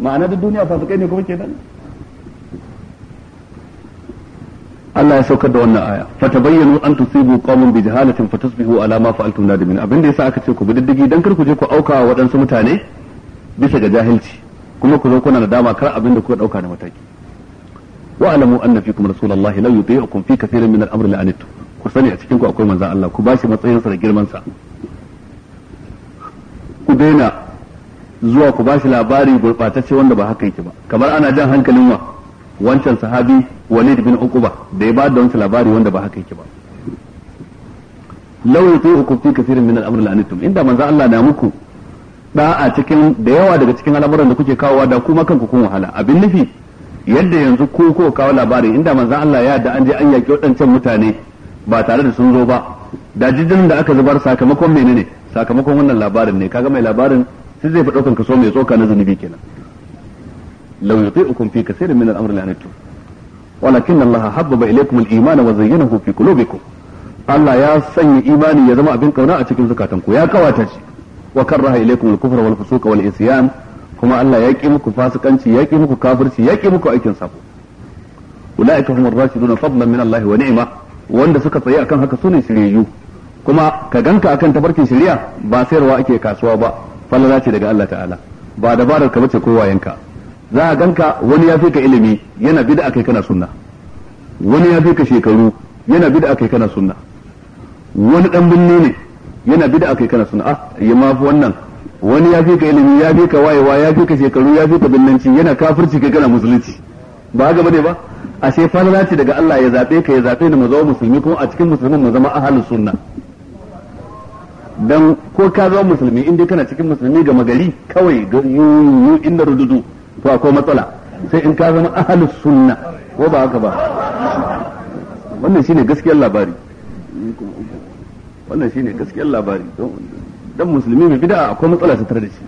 ma'ana duk duniya fasikai ne kuma kenan Allah ya saukar da wannan aya Fa tabayyanu an tusibu qauman bi jahalatin tusbihu ala ma fa'altum nadimin abinda yasa aka ce ku bi diddigi dan kar ku je ku auka wa wadansu mutane bisa ga jahilci kuma ku zo kuna da dama kar abinda kuka dauka da mataki wa alamu anna fikum rasulullahi la yuti'ukum fi kathirin min al-amri la'anitu ku sani a cikin ku akwai manzon Allah ku bashi matsayinsa da girman sa ku daina zuwa ku bashi labari gurbatacce wanda ba haka yake ba kamar ana jan hankalin wa wancan sahabi walid bin ukuba da ya ba da wancan labari wanda ba haka yake ba law yuti'ukum fi kathirin min al-amri inda manzo Allah na muku a cikin da yawa daga cikin al'amuran da kuke kawowa da kuma kanku kun wahala abin nufi yadda yanzu ko ko kawo labari inda manzo Allah ya da an je an yaki waɗancan mutane ba tare da sun zo ba da jijin da aka zubar sakamakon menene sakamakon wannan labarin ne kaga mai labarin sai zai fi ɗaukan kaso mai tsoka na zunubi kenan law yuti'ukum fi kaseerin min al-amri la'antum walakin Allah habbaba ilaykum al-iman wa zayyanahu fi qulubikum Allah ya sanya imani ya zama abin kauna a cikin zukatanku ya kawata shi wa karraha ilaykum al-kufra wal fusuqa wal isyan kuma Allah ya ki muku fasikanci ya ki muku kafirci ya ki muku aikin sako ulaika humur rashiduna fadlan min Allah wa ni'ma wanda suka tsaye akan haka sune shiryayyu kuma ka ganka akan tafarkin shari'a ba sayarwa ake kasuwa ba falala ce daga Allah ta'ala ba dabarar ka bace kowa yanka za a ganka wani ya fi ka ilimi yana bid'a kai kana sunna wani ya fi ka shekaru yana bid'a kai kana sunna wani dan binne ne yana bid'a kai kana sunna ah ya ma fi wannan wani ya fi ka ilimi ya fi ka wayewa ya fi ka shekaru ya fi ka binnanci yana kafirci kai kana musulunci ba haka bane ba ashe falala ce daga Allah ya zabe ka ya zabe ni mu zama musulmi kuma a cikin musulmin mu zama ahlus sunna dan ko ka zama musulmi in dai kana cikin musulmi ga magari kawai ga yu inda rududu to akwai matsala sai in ka zama ahalus sunna ko ba haka ba wannan shine gaskiyar labari wannan shine gaskiyar labari dan musulmi mai bid'a akwai matsala ta tare da shi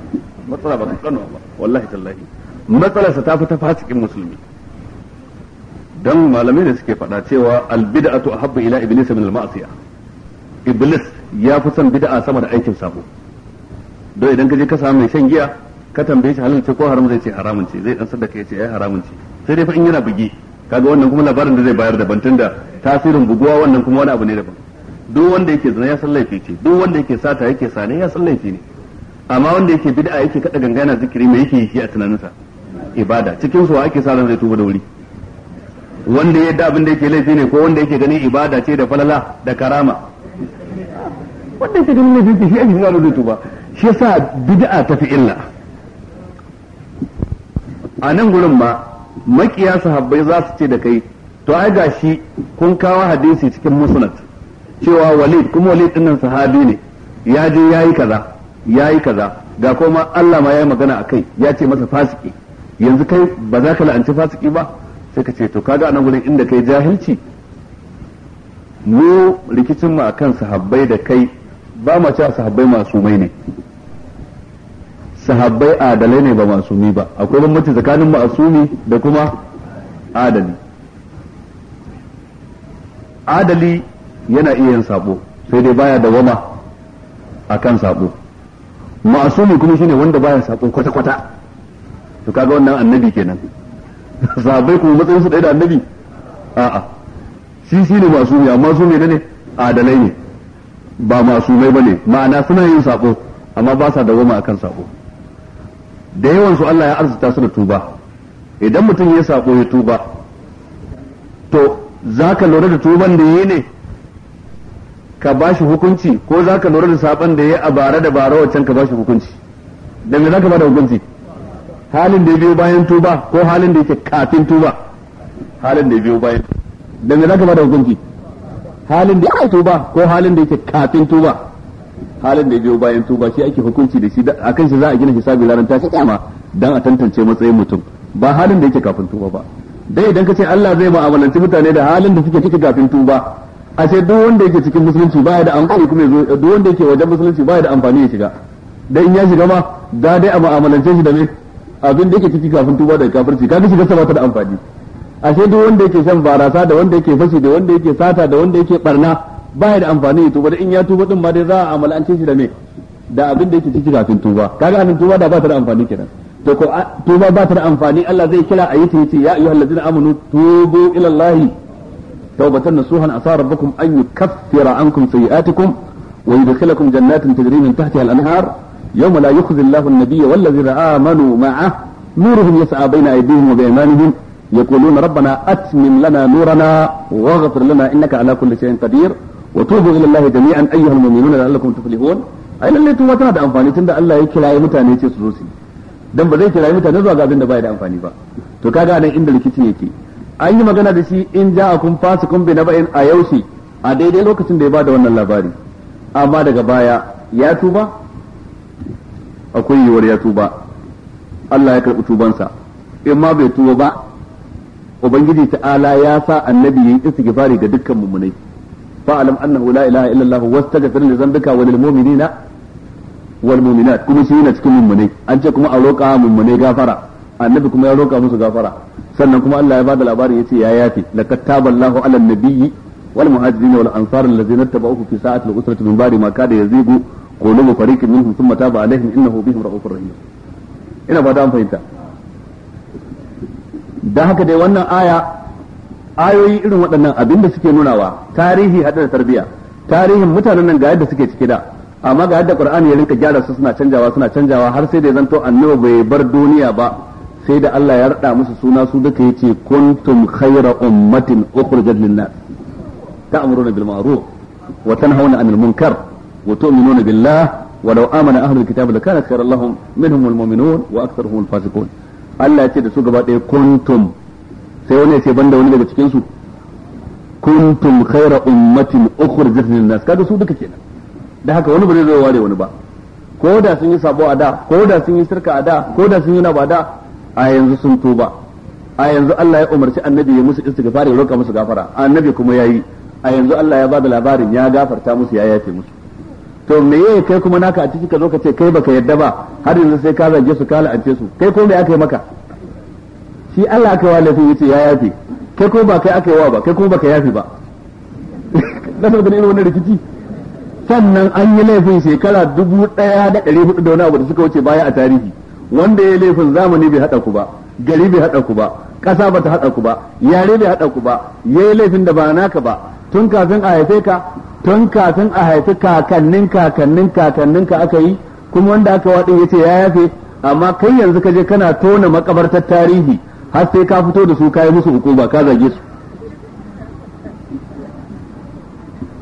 matsala ba kan ba wallahi tallahi sa ta fi fasikin musulmi dan malamai da suke fada cewa bid'atu ahabbu ila iblis min al-ma'siyah iblis ya fi son bid'a sama da aikin sabo don idan ka je ka samu mai shan giya ka tambaye shi halin ce ko haram zai ce haramun ce zai dan sadaka ya ce ai haramun ce sai dai fa in yana bugi kaga wannan kuma labarin da zai bayar da bantun tunda tasirin buguwa wannan kuma wani abu ne daban duk wanda yake zina ya san laifi ce duk wanda yake sata yake sane ya san laifi ne amma wanda yake bid'a yake kada gangana zikiri me yake yi a tunaninsa ibada cikin su ake sa ran zai tuba da wuri wanda ya da abin da yake laifi ne ko wanda yake ganin ibada ce da falala da karama wanda yake ganin laifi shi ake sa zai tuba shi yasa bid'a ta fi illa a nan gurin ma makiya sahabbai za su ce da kai to ai gashi kun kawo hadisi cikin musnad cewa walid kuma walid nan sahabi ne ya je yayi kaza yayi kaza ga kuma Allah ma yayi magana akai ya ce masa fasiki yanzu kai ba za ka la'anci fasiki ba sai ka ce to kaga nan gurin inda kai jahilci mu rikicin mu akan sahabbai da kai ba mu cewa sahabbai masu mai ne sahabbai adalai ne ba masumi ba akwai bambanci tsakanin masumi da kuma adali adali yana iya yin sabo sai dai baya da wama akan sabo masumi kuma shine wanda baya sabo kwata kwata to kaga wannan annabi kenan sahabbai kuma matsayin su da annabi a'a shi shine masumi amma su ne ne adalai ne ba masumai bane ma'ana suna yin sabo amma ba sa goma akan sabo da yawan su Allah ya arzuta su da tuba idan mutum ya sako ya tuba to zaka lura da tuban da yi ne ka bashi hukunci ko zaka lura da saban da yi a bara da bara waccan ka bashi hukunci da me zaka bada hukunci halin da ya biyo bayan tuba ko halin da yake kafin tuba halin da ya biyo bayan da me zaka bada hukunci halin da ya tuba ko halin da yake kafin tuba halin da ya biyo bayan tuba shi ake hukunci da shi akan shi za a gina hisabi ranar tashi kama dan a tantance matsayin mutum ba halin da yake kafin tuba ba dai idan ka ce Allah zai ma'amalanci mutane da halin da suke ciki kafin tuba a ce duk wanda yake cikin musulunci baya da amfani kuma yazo duk wanda yake wajen musulunci baya da amfani ya shiga dan in ya shiga ma da dai a ma'amalance shi da me abin da yake ciki kafin tuba da kafirci kaga shiga ba ta da amfani ashe duk wanda yake shan barasa da wanda yake fashi da wanda yake sata da wanda yake barna ba da amfani ya tuba da in ya tuba din ma dai za a amalance shi da me da abin da yake ciki kafin tuba kaga anan tuba da ba ta da amfani kenan to ko tuba ba ta da amfani Allah zai kira a ta yace ya ayyuhal ladina amanu tubu ila Allah tawbatan nasuha asa rabbukum an yukaffira ankum sayi'atikum wa yudkhilakum jannatin tajri min tahtiha al-anhar yawma la yukhzi Allahu an-nabiyya wal ladina amanu ma'ah nuruhum yas'a bayna aydihim wa bi'imanihim يقولون ربنا أتمم لنا نورنا واغفر لنا إنك على كل شيء قدير wa tubu ila Allah jami'an ayyuhal mu'minuna la'allakum tuflihun ai lalle tuba tana da amfani tunda Allah ya kirayi mutane ce su zo su dan ba zai kirayi mutane zuwa ga abin da bai da amfani ba to kaga nan inda rikicin yake an yi magana da shi in kun fasu kun bi naba'in a yaushe a daidai lokacin da ya bada wannan labari amma daga baya ya tuba akwai yiwuwar ya tuba Allah ya karɓi tubansa in ma bai tuba ba ubangiji ta'ala ya sa annabi yayin istighfari ga dukkan mummunai fa'alam annahu la ilaha illa Allah wastaghfir li dhanbika wa lil mu'minina wal mu'minat kuma shi yana cikin mummunai an ce kuma a roƙa mummunai gafara annabi kuma ya roƙa musu gafara sannan kuma Allah ya bada labarin yace ya yafi laqad taballahu ala nabiyyi wal muhajirin wal ansar allazina tabauhu fi sa'ati al usrati min ba'di ma kada yazigu qulubu fariqin minhum thumma taba alaihim innahu bihim ra'ufur rahim ina fata an fahimta dan haka dai wannan aya ayoyi irin waɗannan abinda suke nunawa tarihi hada da tarbiyya tarihin mutanen nan ga yadda suke cike da amma ga yadda qur'ani ya rinka gyara su suna canjawa suna canjawa har sai da ya zanto annabi bai bar duniya ba sai da Allah ya rada musu suna su duka yace kuntum khayra ummatin ukhrijat lin-nas ta'muruna bil ma'ruf wa tanhauna 'anil munkar wa tu'minuna billah ولو آمن أهل الكتاب لكان خيرا لهم منهم المؤمنون وأكثرهم الفاسقون الله يتي da su gaba ɗaya kuntum sai wani ya ce banda wani daga cikin su kuntum khaira ummatin ukhrijat lin nas kaga su duka kenan da haka wani ba zai ware wani ba ko da sun yi sabo a da ko da sun yi shirka a da ko da sun yi na ba da a yanzu sun tuba a yanzu Allah ya umarci annabi ya musu istighfar ya roka musu gafara annabi kuma yayi a yanzu Allah ya bada labarin ya gafarta musu ya yafe musu to me yake kai kuma naka a ciki ka zo ka ce kai baka yadda ba har yanzu sai ka zage su ka la'ance su kai ko me aka yi maka shi Allah aka wa laifin yace ya yafe kai kuma ba kai aka yi wa ba kai kuma ba ka yafe ba na san ganin wannan rikici sannan an yi laifin shekara dubu ɗaya da ɗari hudu da wani abu da suka wuce baya a tarihi wanda ya laifin zamani bai haɗa ku ba gari bai haɗa ku ba ƙasa ba ta haɗa ku ba yare bai haɗa ku ba ya yi laifin da ba naka ba tun kafin a haife ka tun kafin a haifi kakannin kakannin kakannin ka aka yi kuma wanda aka waɗin ya ce ya yafe amma kai yanzu ka je kana tona makabartar tarihi har sai ka fito da su kayi musu hukuma ka zage su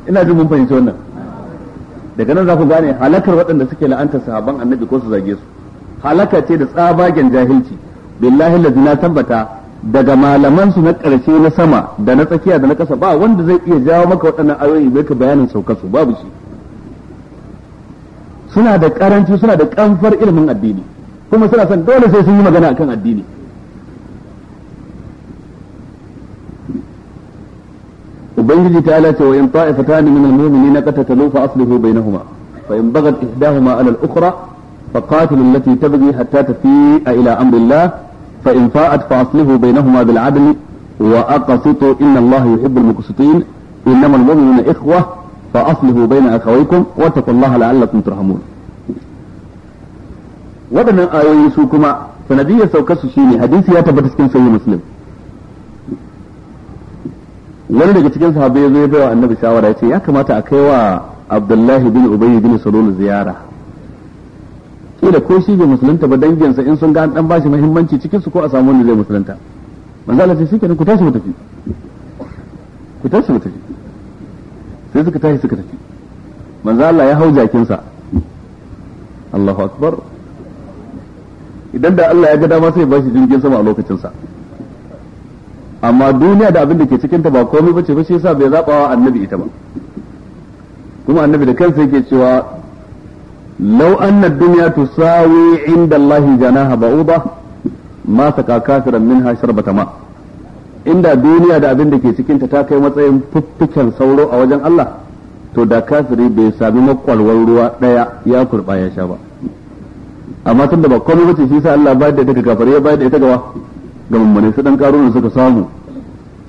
ina jin mun fahimci wannan daga nan za ku gane halakar waɗanda suke la'antar sahaban annabi ko su zage su halaka ce da tsabagen jahilci billahi lazi na tabbata daga malaman su na ƙarshe na sama da na tsakiya da na ƙasa ba wanda zai iya jawo maka waɗannan ayoyi bai ka bayanin sauka su babu shi suna da karanci suna da kamfar ilimin addini kuma suna son dole sai sun yi magana akan addini ubangiji ta alace wa in ta'ifatan min al-mu'minina qatatalu fa aslihu bainahuma fa in baghat ihdahuma 'ala al-ukhra fa qatilu allati tabghi hatta tafi'a ila amri Allah fa in fa'at fa aslihu bainahuma bil 'adl wa aqsitu inna Allah yuhibbul muqsitin innama al-mu'minuna ikhwah fa aslihu baina akhawaykum wa taqullaha la'allakum turhamun wadannan ayoyi su kuma sanadiyar saukar su shine hadisi ya tabbata cikin sahih muslim wani daga cikin sahabbai zai bai wa annabi shawara ya ce ya kamata a kai wa abdullahi bin ubayi bin salul ziyara kila ko shi bai musulunta ba danginsa in sun ga an dan bashi muhimmanci cikin su ko a samu wanda zai musulunta manzo Allah sai shikenan ku tashi mu tafi ku tashi mu tafi sai suka tashi suka tafi manzo Allah ya hau jakinsa Allahu akbar idan da Allah ya ga dama sai ya bashi jirgin sama a lokacin sa amma duniya da abin da ke cikin ta ba komai bace ba shi yasa bai zaba wa annabi ita ba kuma annabi da kansa yake cewa law anna ad-dunya tusawi inda Allah janaha ba'uda ma saka kafiran minha sharbata ma inda duniya da abin da ke cikin ta ta kai matsayin fuffukan sauro a wajen Allah to da kafiri bai sami makwalwar ruwa daya ya kurba ya sha ba amma tunda ba komai bace shi yasa Allah ba da ita ga kafare ya ba da ita ga ga mummune su dan karuna suka samu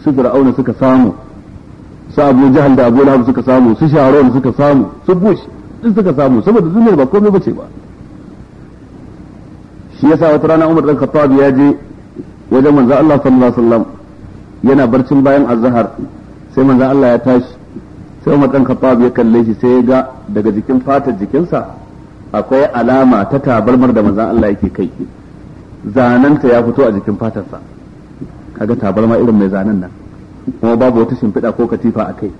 su fir'auna suka samu su abu jahal da abu lahab suka samu su sharon suka samu su bush din suka samu saboda zuwa ba komai bace ba shi yasa wata rana Umar dan Khattab ya je wajen manzo Allah sallallahu alaihi wasallam yana barcin bayan azhar sai manzo Allah ya tashi sai Umar dan Khattab ya kalle shi sai ya ga daga jikin fatar jikinsa akwai alama ta tabarmar da manzo Allah yake kai zananta ya fito a jikin fatarsa kaga tabarma irin mai zanen nan kuma babu wata shimfiɗa ko katifa a kai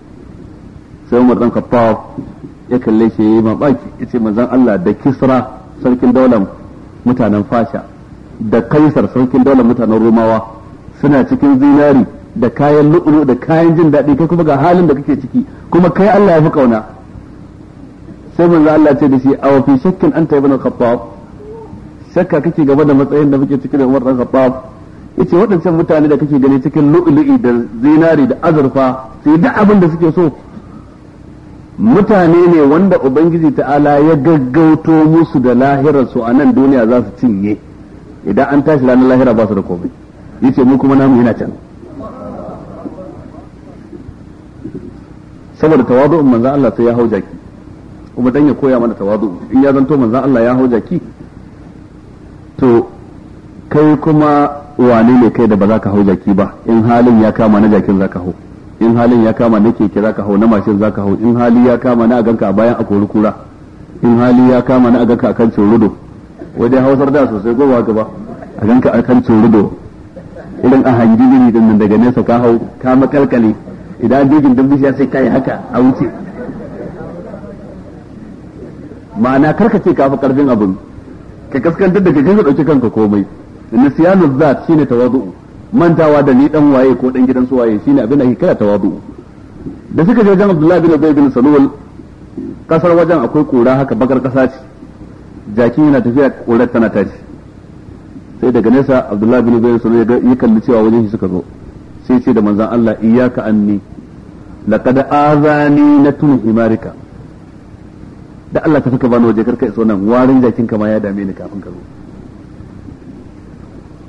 sai umar dan kaffawa ya kalle shi yayi mabaki yace manzon Allah da Kisra sarkin daular mutanen Fasha da Kaisar sarkin daular mutanen Romawa suna cikin zinari da kayan lu'ulu da kayan jin daɗi kai kuma ga halin da kake ciki kuma kai Allah ya fi kauna sai manzon Allah ce da shi aw fi shakkin anta ibn al-khattab shakka kake game da matsayin da muke cikin da Umar dan Khattab yace waɗancan mutane da kake gani cikin lu'lu'i da zinari da azurfa sai duk abin da suke so mutane ne wanda ubangiji ta'ala ya gaggauto musu da lahirar su a nan duniya za su cinye idan an tashi ranar lahira ba su da komai yace mu kuma namu yana can saboda tawadu'un manzo Allah sai ya hau jaki kuma dan ya koya mana tawadu'u in ya zanto manzo Allah ya hau jaki to kai kuma wane ne kai da ba za ka hau jaki ba in halin ya kama na jakin za ka hau in halin ya kama na keke za ka hau na mashin za ka hau in hali ya kama na aganka a bayan a kori kura in hali ya kama na aganka a kan corudo wajen hausar da sosai ko ba ba a ganka a kan corudo irin a hangi gini din nan daga nesa ka hau ka makalkale idan dajin dan bishiya sai kai haka a wuce ma'ana karkace ka fi karfin abin ka kaskantar da kai ka dauki kanka komai siyanu zat shine tawadu'u mantawa da ni dan waye ko dan gidan su waye shine abin da ake kira tawadu'u da suka je wajen Abdullah bin Ubay bin Salul kasar wajen akwai kura haka bakar kasa ce jakin yana tafiya kura tana tashi sai daga nesa Abdullah bin Ubay bin Salul ya kalli cewa wajen shi suka zo sai ce da manzon Allah iyyaka anni laqad azani natun himarika da Allah ka saka bani waje karka iso nan warin jakin kama ya dame ni kafin ka zo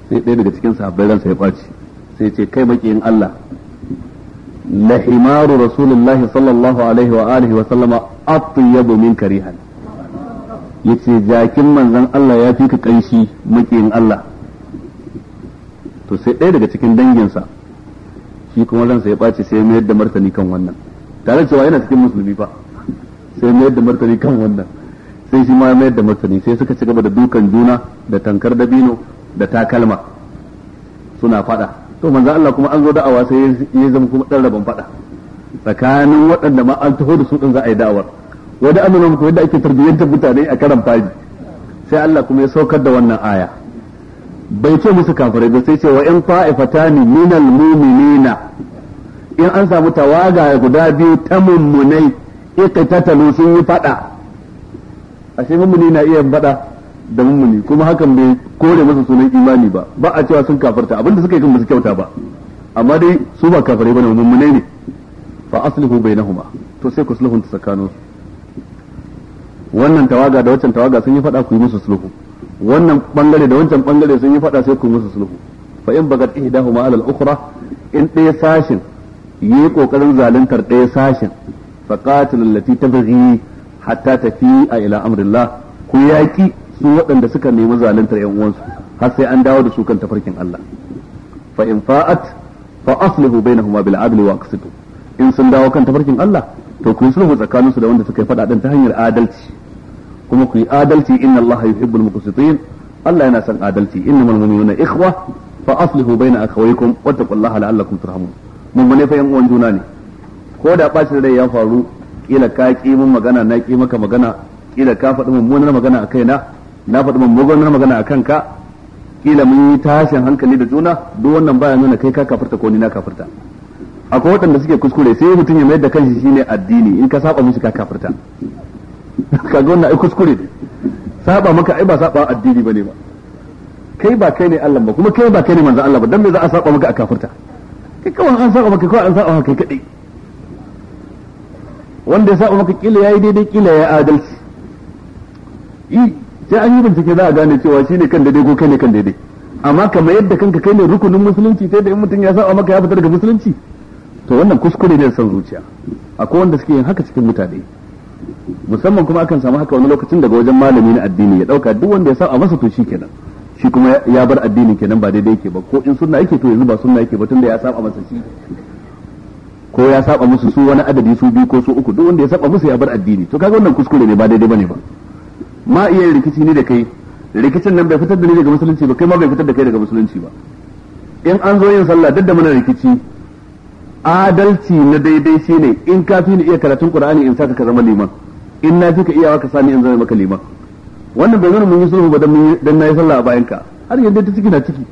sai ɗaya daga cikin sahabbai ransa ya ɓaci sai ce kai makiyin Allah la himaru rasulullahi sallallahu alaihi wa alihi wa sallama atyabu min karihan yace jakin manzon Allah ya fi ka kanshi makiyin Allah to sai ɗaya daga cikin danginsa shi kuma ransa ya ɓaci sai ya mayar da martani kan wannan tare cewa yana cikin musulmi fa sai mayar da martani kan wannan sai shi ma mayar da martani sai suka ci gaba da dukan juna da tankar dabino da takalma suna fada to manzo Allah kuma an zo da'awa sai ya zama kuma dan rabon fada tsakanin waɗanda ma an taho da su din za a yi da'awar wani an nuna yadda ake tarbiyyantar mutane a karan fari sai Allah kuma ya saukar da wannan aya bai ce musu kafirai ba sai ce wa in fa'ifatani minal mu'minina in an samu tawaga guda biyu ta mummunai iqtatalu sun yi fada ashe mummuni na iya fada da mummuni kuma hakan bai kore masa sunan imani ba ba a cewa sun kafarta abinda suka yi kan musu kyauta ba amma dai su ba kafare bane mummune ne fa aslihu bainahuma to sai ku sulhunta tsakanin wannan tawaga da wancan tawaga sun yi fada ku yi musu sulhu wannan bangare da wancan bangare sun yi fada sai ku yi musu sulhu fa in bagat ihdahuma ala al-ukhra in ɗaya sashin yi kokarin zaluntar ɗaya sashin faqatil allati tabghi hatta tafi'a ila amrillah ku yaki su waɗanda suka nemi zaluntar yan uwansu har sai an dawo da su kan tafarkin Allah fa in fa'at fa aslihu bainahuma bil adli wa aqsitu in sun dawo kan tafarkin Allah to ku yi sulhu tsakaninsu da wanda suka yi faɗa ta hanyar adalci kuma ku yi adalci inna Allah yuhibbul muqsitin Allah yana son adalci innamal mu'minuna ikhwa fa aslihu baina akhawaykum wattaqullaha la'allakum turhamun mun ne fa yan uwan juna ne ko da bacin rai ya faru kila ka ƙi mun magana na ƙi maka magana kila ka faɗi mummunar magana a kaina na faɗi mummunar magana a kanka kila mun yi tashin hankali da juna duk wannan baya nuna kai ka kafirta ko ni na kafirta akwai waɗanda suke kuskure sai mutum ya mayar da kanshi shine addini in ka saba musu ka kafirta kaga wannan ai kuskure ne saba maka ai ba saba addini bane ba kai ba kai ne Allah ba kuma kai ba kai ne manzon Allah ba dan me za a saba maka a kafirta kai kawai an saba maka kawai an saba maka kai kadai wanda ya saba maka kila ya yi daidai kila ya adalci i sai an yi bincike za a gane cewa shine kan daidai ko kai ne kan daidai amma kamar yadda kanka kai ne rukunin musulunci sai da in mutum ya saba maka ya fita daga musulunci to wannan kuskure ne san zuciya akwai wanda suke yin haka cikin mutane musamman kuma akan samu haka wani lokacin daga wajen malami na addini ya dauka duk wanda ya saba masa to shi kenan shi kuma ya bar addinin kenan ba daidai yake ba ko in sunna yake to yanzu ba sunna yake ba tunda ya saba masa shi ko ya saba musu su wani adadi su biyu ko su uku duk wanda ya saba musu ya bar addini to kaga wannan kuskure ne ba daidai bane ba ma iya rikici ne da kai rikicin nan bai fitar da ni daga musulunci ba kai ma bai fitar da kai daga musulunci ba in an zo yin sallah duk da muna rikici adalci na daidai shine in ka fi ni iya karatun qur'ani in saka ka zama liman in na fi ka iyawa ka sani in zama maka liman wannan bai zama mun yi sulhu ba dan dan nayi sallah a bayan ka har yanda ta ciki na ciki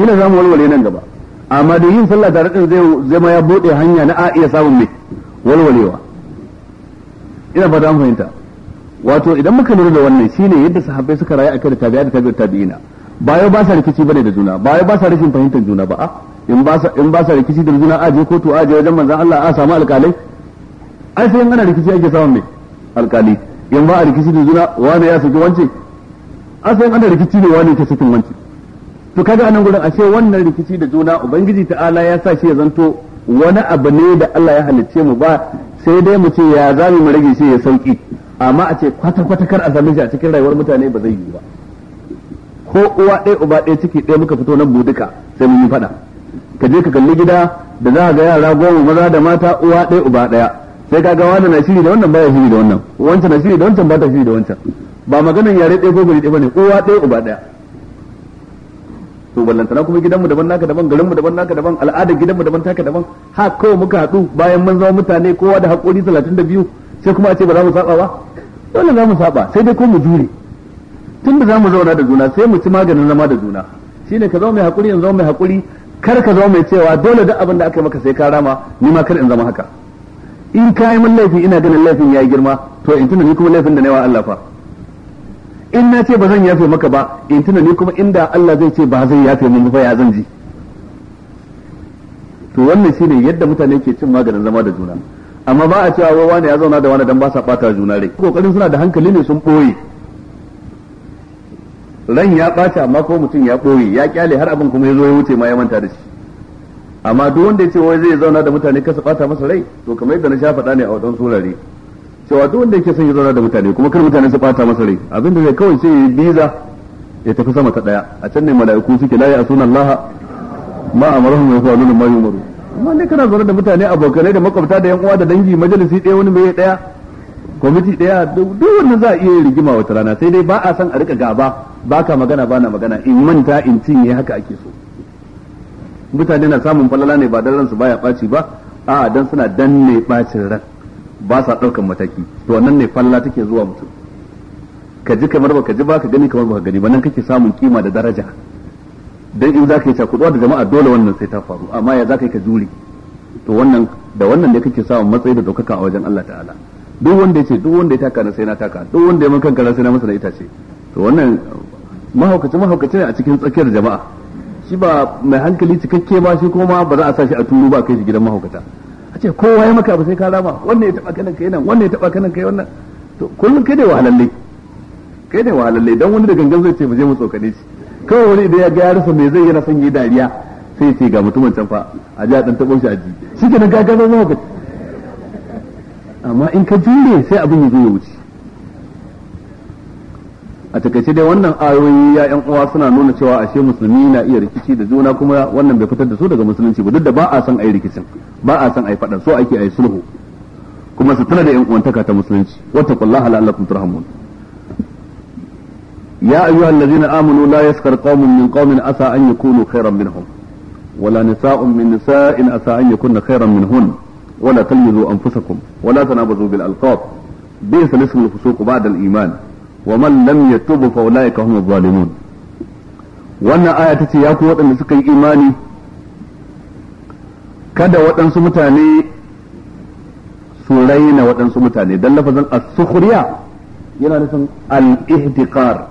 ina zamu walwale nan gaba amma da yin sallah tare da zai zama ya bude hanya na a iya samun mai walwalewa ina fata an fahimta wato idan muka lura da wannan shine yadda sahabbai suka rayu akan tabi'a da tabi'ut tabi'ina ba yau ba sa rikici bane da juna ba yau ba sa rashin fahimtar juna ba a in ba sa in ba sa rikici da juna a je kotu a je wajen manzon Allah a samu alƙalai ai sai in ana rikici ake samun mai alƙali in ba a rikici da juna wani ya saki wance a sai in ana rikici ne wani ke sakin wance to kaga anan gurin ashe wannan rikici da juna ubangiji ta'ala ya sa shi ya zanto wani abu ne da Allah ya halicce mu ba sai dai mu ce ya zami mu rage shi ya sauki amma a ce kwata kwata kar a same shi a cikin rayuwar mutane ba zai yi ba ko uwa ɗaya uba ɗaya ciki ɗaya muka fito nan buduka sai mun yi faɗa ka je ka kalli gida da za ga yara goma maza da mata uwa ɗaya uba ɗaya sai ka ga na shiri da wannan baya shiri da wannan wancan na shiri da wancan ba ta shiri da wancan ba maganan yare ɗaya ko gari ɗaya bane uwa ɗaya uba ɗaya to ballantana kuma gidanmu daban naka daban garinmu daban naka daban al'adar gidanmu daban taka daban ha kawai muka haɗu bayan mun zama mutane kowa da haƙuri talatin da biyu sai kuma a ce ba za mu saba ba dole za mu saba sai dai ko mu jure tun da za mu zauna da juna sai mu ci maganin zama da juna shine ka zama mai haƙuri yanzu mai haƙuri kar ka zama mai cewa dole duk abin da aka yi maka sai ka rama ni ma kar in zama haka in ka yi min laifi ina ganin laifin ya yi girma to in tuna ni kuma laifin da na yi wa Allah fa in na ce ba zan yafe maka ba in tuna ni kuma inda Allah zai ce ba zai yafe mun ba ya zan ji to wannan shine yadda mutane ke cin maganin zama da juna amma ba a cewa wai wani ya zauna da wani dan ba sa bata juna rai kokarin suna da hankali ne sun boye ran ya bata amma ko mutum ya boye ya kyale har abin kuma ya zo ya wuce ma ya manta da shi amma duk wanda ya ce wai zai zauna da mutane kasa bata masa rai to kamar yadda na sha faɗa ne a wadan surare cewa duk wanda yake son ya zauna da mutane kuma kar mutane su bata masa rai abinda zai kawai sai biza ya tafi sama ta daya a can ne mala'iku suke la asuna Allah ma amaruhum wa yafaluna ma yumaru amma ne kana zaune da mutane abokanai da makwabta da yan uwa da dangi majalisi ɗaya wani mai ɗaya kwamiti ɗaya duk wanda za a iya rigima wata rana sai dai ba a san a rika gaba ba ka magana ba na magana in manta in cinye haka ake so mutane na samun falala ne ba dan ransu baya ɓaci ba a'a dan suna danne bacin ran ba sa ɗaukan mataki to wannan ne falla take zuwa mutum ka ji kamar baka ji ba ka gani kamar baka gani ba nan kake samun kima da daraja dan in zaka yi cakuɗuwa da jama'a dole wannan sai ta faru amma ya zaka yi ka jure to wannan da wannan ne kake samun matsayi da daukaka a wajen Allah ta'ala duk wanda yace duk wanda ya taka na sai na taka duk wanda ya mun kanka sai na masa na itace to wannan mahaukaci mahaukaci ne a cikin tsakiyar jama'a shi ba mai hankali cikakke ba shi kuma ba za a sa shi a turu ba kai shi gidan mahaukata a ce kowa ya maka abu sai ka rama wannan ya taba kanan kai nan wannan ya taba kanan kai wannan to kullum kai ne wahalalle kai ne wahalalle dan wani da gangan zai ce mu je mu tsokane shi kawai wani da ya ga ya me zai yana son yi dariya sai ce ga mutumin can fa a ji a dan tabo shi a ji shi kenan ga gano ba amma in ka jure sai abin ya zo ya wuce a takaice dai wannan ayoyi ya yan uwa suna nuna cewa ashe musulmi na iya rikici da juna kuma wannan bai fitar da su daga musulunci ba duk da ba a san ayi rikicin ba a san ayi fadan so ake ayi sulhu kuma su tana da yan uwantaka ta musulunci wattaqullaha la'allakum turhamun ya ayyuhallazina amanu la yaskar qaumun min qaumin asa an yakunu khairan minhum ولا نساء من نساء عسى أن يكن خيرا منهن ولا wala أنفسكم ولا تنابزوا بالألقاب بئس الاسم الفسوق al-iman. wa man lam yatub fa ulaika hum zalimun wannan aya tace ya ku waɗanda suka yi imani kada waɗansu mutane su raina waɗansu mutane don lafazin as-sukhriya yana nufin al-ihtiqar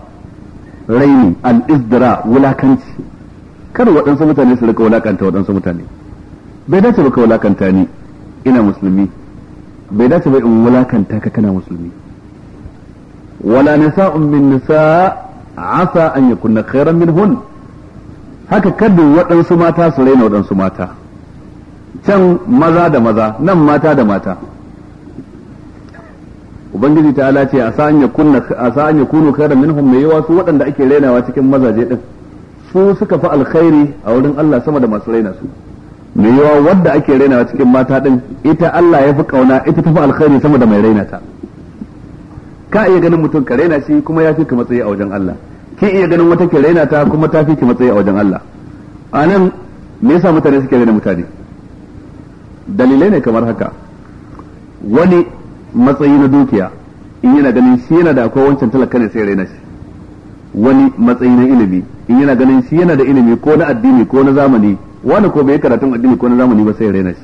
raini al-izdira wulakanci kada waɗansu mutane su rika wulakanta waɗansu mutane bai dace ba ka wulakanta ni ina musulmi bai dace ba in wulakanta ka kana musulmi ولا نساء min nisa asa an yakunna خيرا منهن haka kada waɗansu mata su raina waɗansu mata can maza da maza nan mata da mata ubangiji ta ala ce asa an yakunna kunu an yakunu minhum mai yawa su waɗanda ake rainawa cikin mazaje din su suka fi alkhairi a wurin Allah sama da masu raina su mai yawa wadda ake rainawa cikin mata din ita Allah ya fi kauna ita ta fi alkhairi sama da mai raina ta ka iya ganin mutum ka raina shi kuma ya fi ka matsayi a wajen Allah ki iya ganin wata ke raina ta kuma ta fi ki matsayi a wajen Allah a nan me yasa mutane suke raina mutane dalilai ne kamar haka wani matsayi na dukiya in yana ganin shi yana da akwai wancan talaka ne sai raina shi wani matsayi na ilimi in yana ganin shi yana da ilimi ko na addini ko na zamani wani ko bai karatun addini ko na zamani ba sai raina shi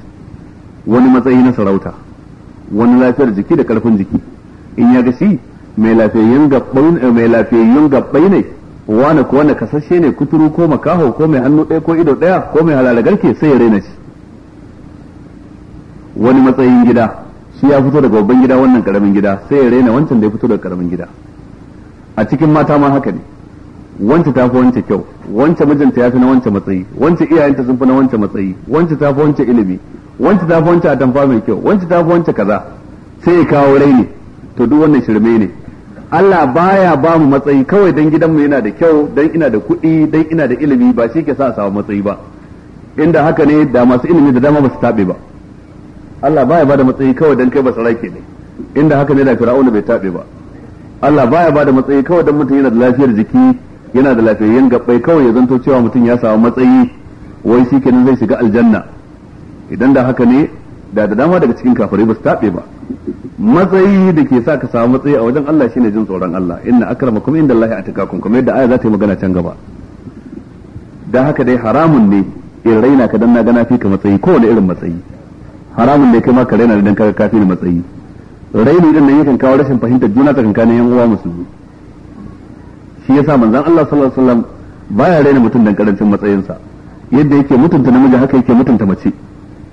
wani matsayi na sarauta wani lafiyar jiki da karfin jiki in ya ga shi mai lafiyayyen gabbai mai lafiyayyun gabbai ne wani ko wani kasashe ne kuturu ko makaho ko mai hannu ɗaya ko ido ɗaya ko mai halalagarke sai ya raina shi wani matsayin gida shi ya fito daga babban gida wannan karamin gida sai ya raina wancan da ya fito daga karamin gida a cikin mata ma haka ne wancan ta fi wancan kyau wancan mijinta ya fi na wancan matsayi wancan iyayenta sun fi na wancan matsayi wancan ta fi wancan ilimi wancan ta fi wancan atamfa mai kyau wancan ta fi wancan kaza sai ya kawo raini to duk wannan shirme ne Allah baya ba mu matsayi kawai dan gidanmu yana da kyau dan ina da kuɗi dan ina da ilimi ba shi ke sa a samu matsayi ba inda haka ne da masu ilimi da dama ba su taɓe ba Allah baya ba da matsayi kawai dan kai ba sarake ne inda haka ne da fir'auna bai taɓe ba Allah baya ba da matsayi kawai dan mutum yana da lafiyar jiki yana da lafiyayyen gabbai kawai ya zanto cewa mutum ya samu matsayi wai shi kenan zai shiga aljanna idan da haka ne da da dama daga cikin kafirai ba su taɓe ba matsayi da ke sa ka samu matsayi a wajen Allah shine jin tsoron Allah inna akramakum a atqakum kuma yadda aya za ta yi magana can gaba da haka dai haramun ne in raina ka dan na gana fi ka matsayi wani irin matsayi haramun ne kai ma ka raina dan ka kafi matsayi raini din nan yakan kawo rashin fahimtar juna tsakankanin yan uwa musulmi shi yasa manzon Allah sallallahu alaihi wasallam baya raina mutum dan karancin matsayinsa yadda yake mutunta namiji haka yake mutunta mace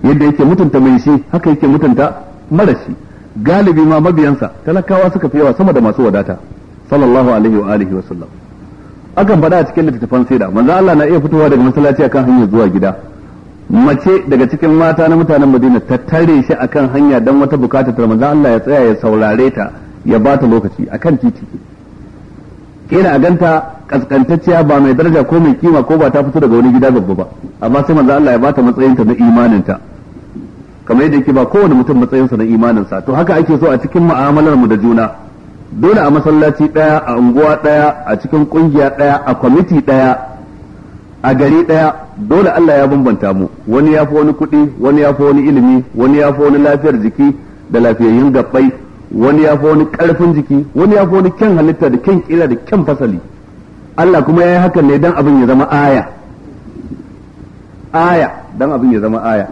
yadda yake mutunta mai shi haka yake mutunta marashi galibi ma mabiyansa talakawa suka fi yawa sama da masu wadata sallallahu alaihi wa alihi wa sallam akan faɗa a cikin littattafan sida manzo Allah na iya fitowa daga masallaci akan hanyar zuwa gida mace daga cikin mata na mutanen Madina ta tare shi akan hanya dan wata bukata ta manzo Allah ya tsaya ya saurare ta ya ba ta lokaci akan titi kina a ganta kaskantacciya ba mai daraja ko mai kima ko ba ta fito daga wani gida babba ba amma sai manzo Allah ya ba bata matsayinta na ta kamar yadda yake ba kowane mutum matsayinsa na imaninsa to haka ake so a cikin mu'amalar mu da juna dole a masallaci daya a unguwa daya a cikin kungiya daya a kwamiti daya a gari daya dole Allah ya bambanta mu wani ya fi wani kuɗi wani ya fi wani ilimi wani ya fi wani lafiyar jiki da lafiyayyun gabbai wani ya fi wani ƙarfin jiki wani ya fi wani kyan halitta da kyan kira da kyan fasali Allah kuma ya yi hakan ne dan abin ya zama aya aya dan abin ya zama aya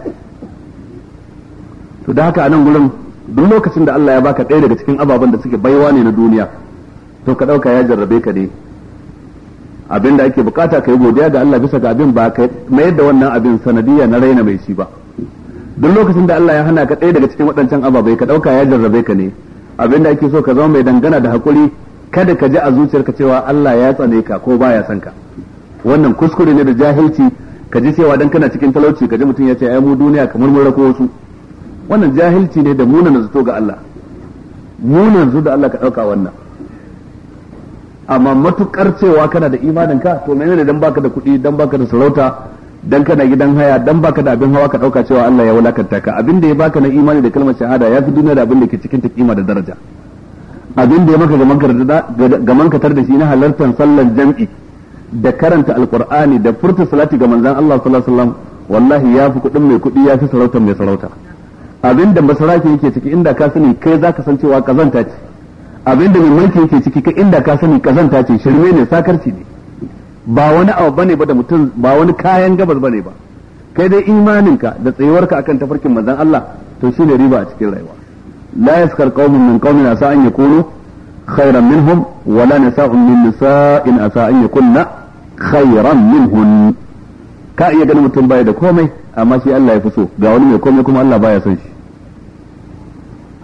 to da haka a nan gurin duk lokacin da Allah ya baka ɗaya daga cikin ababen da suke baiwa ne na duniya to ka ɗauka ya jarrabe ka ne abin da ake bukata ka yi godiya ga Allah bisa ga abin ba ka mayar da wannan abin sanadiyya na raina mai shi ba duk lokacin da Allah ya hana ka ɗaya daga cikin waɗancan ababai ka ɗauka ya jarrabe ka ne abin da ake so ka zama mai dangana da hakuri kada ka ji a zuciyarka cewa Allah ya tsane ka ko baya san ka wannan kuskure ne da jahilci ka ji cewa dan kana cikin talauci ka ji mutum ya ce ai mu duniya kamar mun rako wasu wannan jahilci ne da munana zato ga Allah munan zato da Allah ka dauka wannan amma matukar cewa kana da imanin ka to menene dan baka da kuɗi dan baka da sarauta dan kana gidan haya dan baka da abin hawa ka dauka cewa Allah ya wulakanta ka abin da ya baka na imani da kalmar shahada ya fi duniya da abin da ke cikin ta kima da daraja abin da ya maka gaman mankatar da shi na halartar sallar jam'i da karanta alqur'ani da furta salati ga manzon Allah sallallahu alaihi wasallam wallahi ya fi kuɗin mai kuɗi ya fi sarautar mai sarauta abin da masaraki yake ciki inda ka sani kai za ka san cewa kazanta ce abin da mai mulki yake ciki kai inda ka sani kazanta ce shirme ne sakarci ne ba wani abu bane ba da mutum ba wani kayan gabas bane ba kai dai imaninka da tsayuwarka akan tafarkin manzon Allah to shine riba a cikin rayuwa la yaskar qaumun min qaumin asa an yakunu khairan minhum wa la nisa'un min nisa'in asa an yakunna khairan minhun ka iya ganin mutum baya da komai amma shi Allah ya fi so ga wani mai komai kuma Allah baya son shi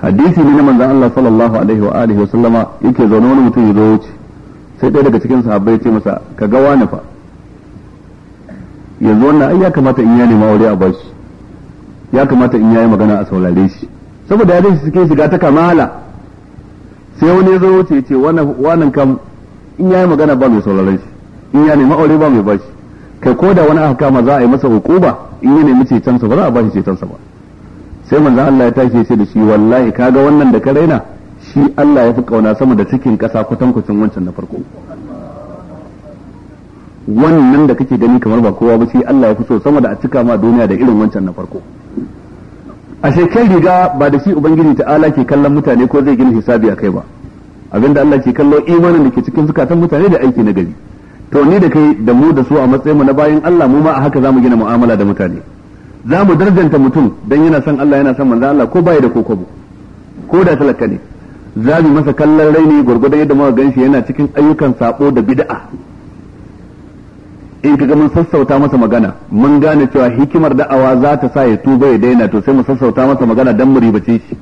hadisi ne na manzon Allah sallallahu alaihi wa alihi wa sallama yake zaune wani mutum ya zo wuce sai ɗaya daga cikin sahabbai ce masa ka ga wani fa yanzu wannan ai ya kamata in ya nema aure a bashi ya kamata in yayi magana a saurare shi saboda ya shi suke shiga ta kamala sai wani ya zo wuce ce wannan kam in yayi magana ba mai saurare shi in ya nema aure ba mai bashi kai ko da wani aka kama za a yi masa hukuma in ya nemi cetonsa ba za a bashi cetonsa ba sai manzo Allah ya tashi sai da shi wallahi kaga wannan da ka raina shi Allah ya fi kauna sama da cikin kasa kwatankwacin wancan na farko wannan da kake gani kamar ba kowa ba shi Allah ya fi so sama da a cika ma duniya da irin wancan na farko a kai riga ba da shi ubangiji ala ke kallon mutane ko zai gina hisabi a kai ba abinda Allah ke kallo imanin da ke cikin zukatan mutane da aiki na gari to ni da kai da mu da su a matsayin mu na bayan Allah mu ma a haka zamu gina mu'amala da mutane za mu darjanta mutum don yana son Allah yana son manzan Allah ko bai da kokobo ko da talaka ne za mu masa kallon raini gwargwadon yadda muka shi yana cikin ayyukan sabo da bid'a in kaga mun sassauta masa magana mun gane cewa hikimar da'awa za ta sa ya tuba ya daina to sai mu sassauta masa magana dan mu ribace shi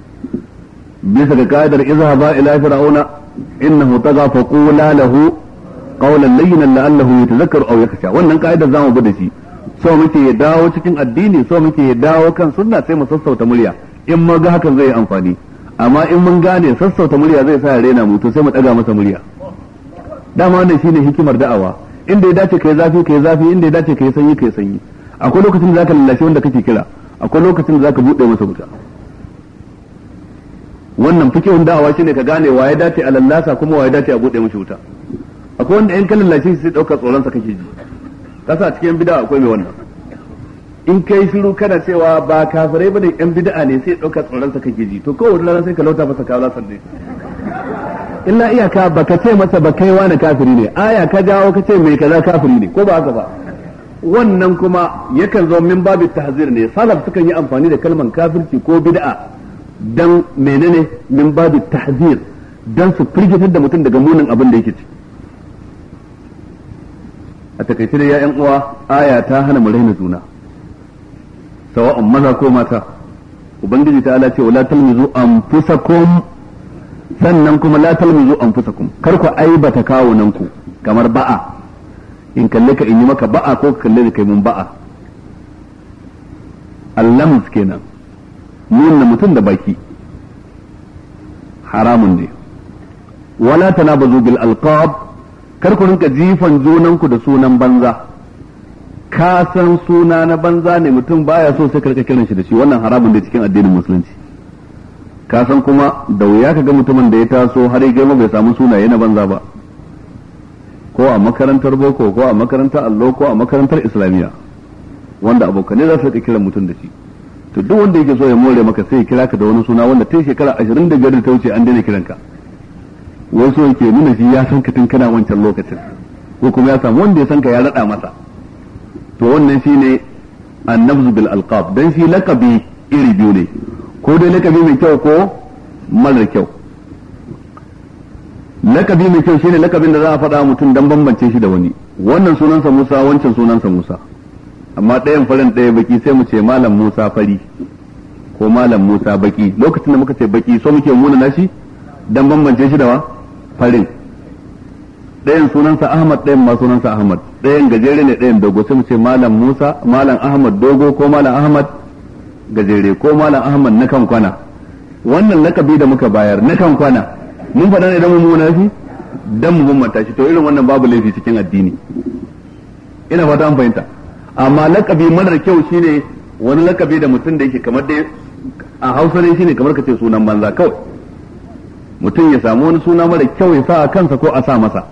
bisa ga ka'idar izhaba ila fir'auna innahu tagha faqula lahu qawlan layyinan la'allahu yatadhakkaru aw yakhsha wannan ka'idar zamu bi da shi so muke ya dawo cikin addini so muke ya dawo kan sunna sai mu sassauta murya in mun ga hakan zai yi amfani amma in mun gane sassauta murya zai sa ya rena mu to sai mu daga masa murya dama wannan shine hikimar da'awa inda ya dace kai zafi kai zafi inda ya dace kai sanyi kai sanyi akwai lokacin da zaka lallashi wanda kake kira akwai lokacin da zaka bude masa wuta wannan fikihun da'awa shine ka gane wa ya dace a lallasa kuma wa ya dace a bude masa wuta akwai wanda in ka lallashi sai dauka tsoron sa kake ji kasa cikin bid'a akwai mai wannan in kai shiru kana cewa ba kafirai bane yan bid'a ne sai dauka tsoron ka kake ji to kowace rana sai ka lauta masa kawo sanne illa iyaka ka ce masa ba kai wani kafiri ne aya ka jawo ka ce mai kaza kafiri ne ko ba haka ba wannan kuma yakan zo min babu tahzir ne salaf sukan yi amfani da kalman kafirci ko bid'a dan menene min babu tahzir dan su firgitar da mutum daga munin abin da yake ciki a takaice da ya'yan uwa aya ta hana mu raina juna sawa'un maza ko mata ubangiji ta ce wala talmizu anfusakum sannan kuma la talmizu anfusakum kar ku aibata kawunan ku kamar ba'a in kalle ka in yi maka ba'a ko ka kalle da kai mun ba'a allams kenan na mutum da baki haramun ne wala tanabuzu bil alqab kar ku rinka jifan junan ku da sunan banza ka san suna na banza ne mutum baya so sai karka kiran shi da shi wannan haramun da cikin addinin musulunci ka san kuma da wuya ka ga mutumin da ya taso har ya girma bai samu sunaye na banza ba ko a makarantar boko ko a makarantar allo ko a makarantar islamiyya wanda abokanai za su rika kiran mutum da shi to duk wanda yake so ya more maka sai ya kira ka da wani suna wanda tun shekara ashirin da biyar da ta wuce an daina kiran ka. wasu yake nuna shi ya san ka tun kana wancan lokacin ko kuma ya samu wanda ya san ka ya rada masa to wannan shine annabzu bil alqab dan shi laqabi iri biyu ne ko dai laqabi mai kyau ko mara kyau lakabi mai kyau shine lakabin da za a faɗa mutum dan bambance shi da wani wannan sunansa Musa wancan sunansa Musa amma ɗayan farin ɗaya baki sai mu ce malam Musa fari ko malam Musa baki lokacin da muka ce baki so muke muna nashi dan bambance shi da wa farin ɗayan sunansa Ahmad ɗayan ma sunansa Ahmad ɗayan gajere ne ɗayan dogo sai mu ce malam Musa malam Ahmad dogo ko malam Ahmad gajere ko malam Ahmad na kan kwana wannan lakabi da muka bayar na kan kwana mun faɗa ne dan mu munafi dan mu bambanta shi to irin wannan babu laifi cikin addini ina fata an fahimta amma lakabi marar kyau shine wani lakabi da mutum da yake kamar dai a Hausa ne shine kamar ka ce sunan banza kawai mutum ya samu wani suna mara kyau ya sa a kansa ko a sa masa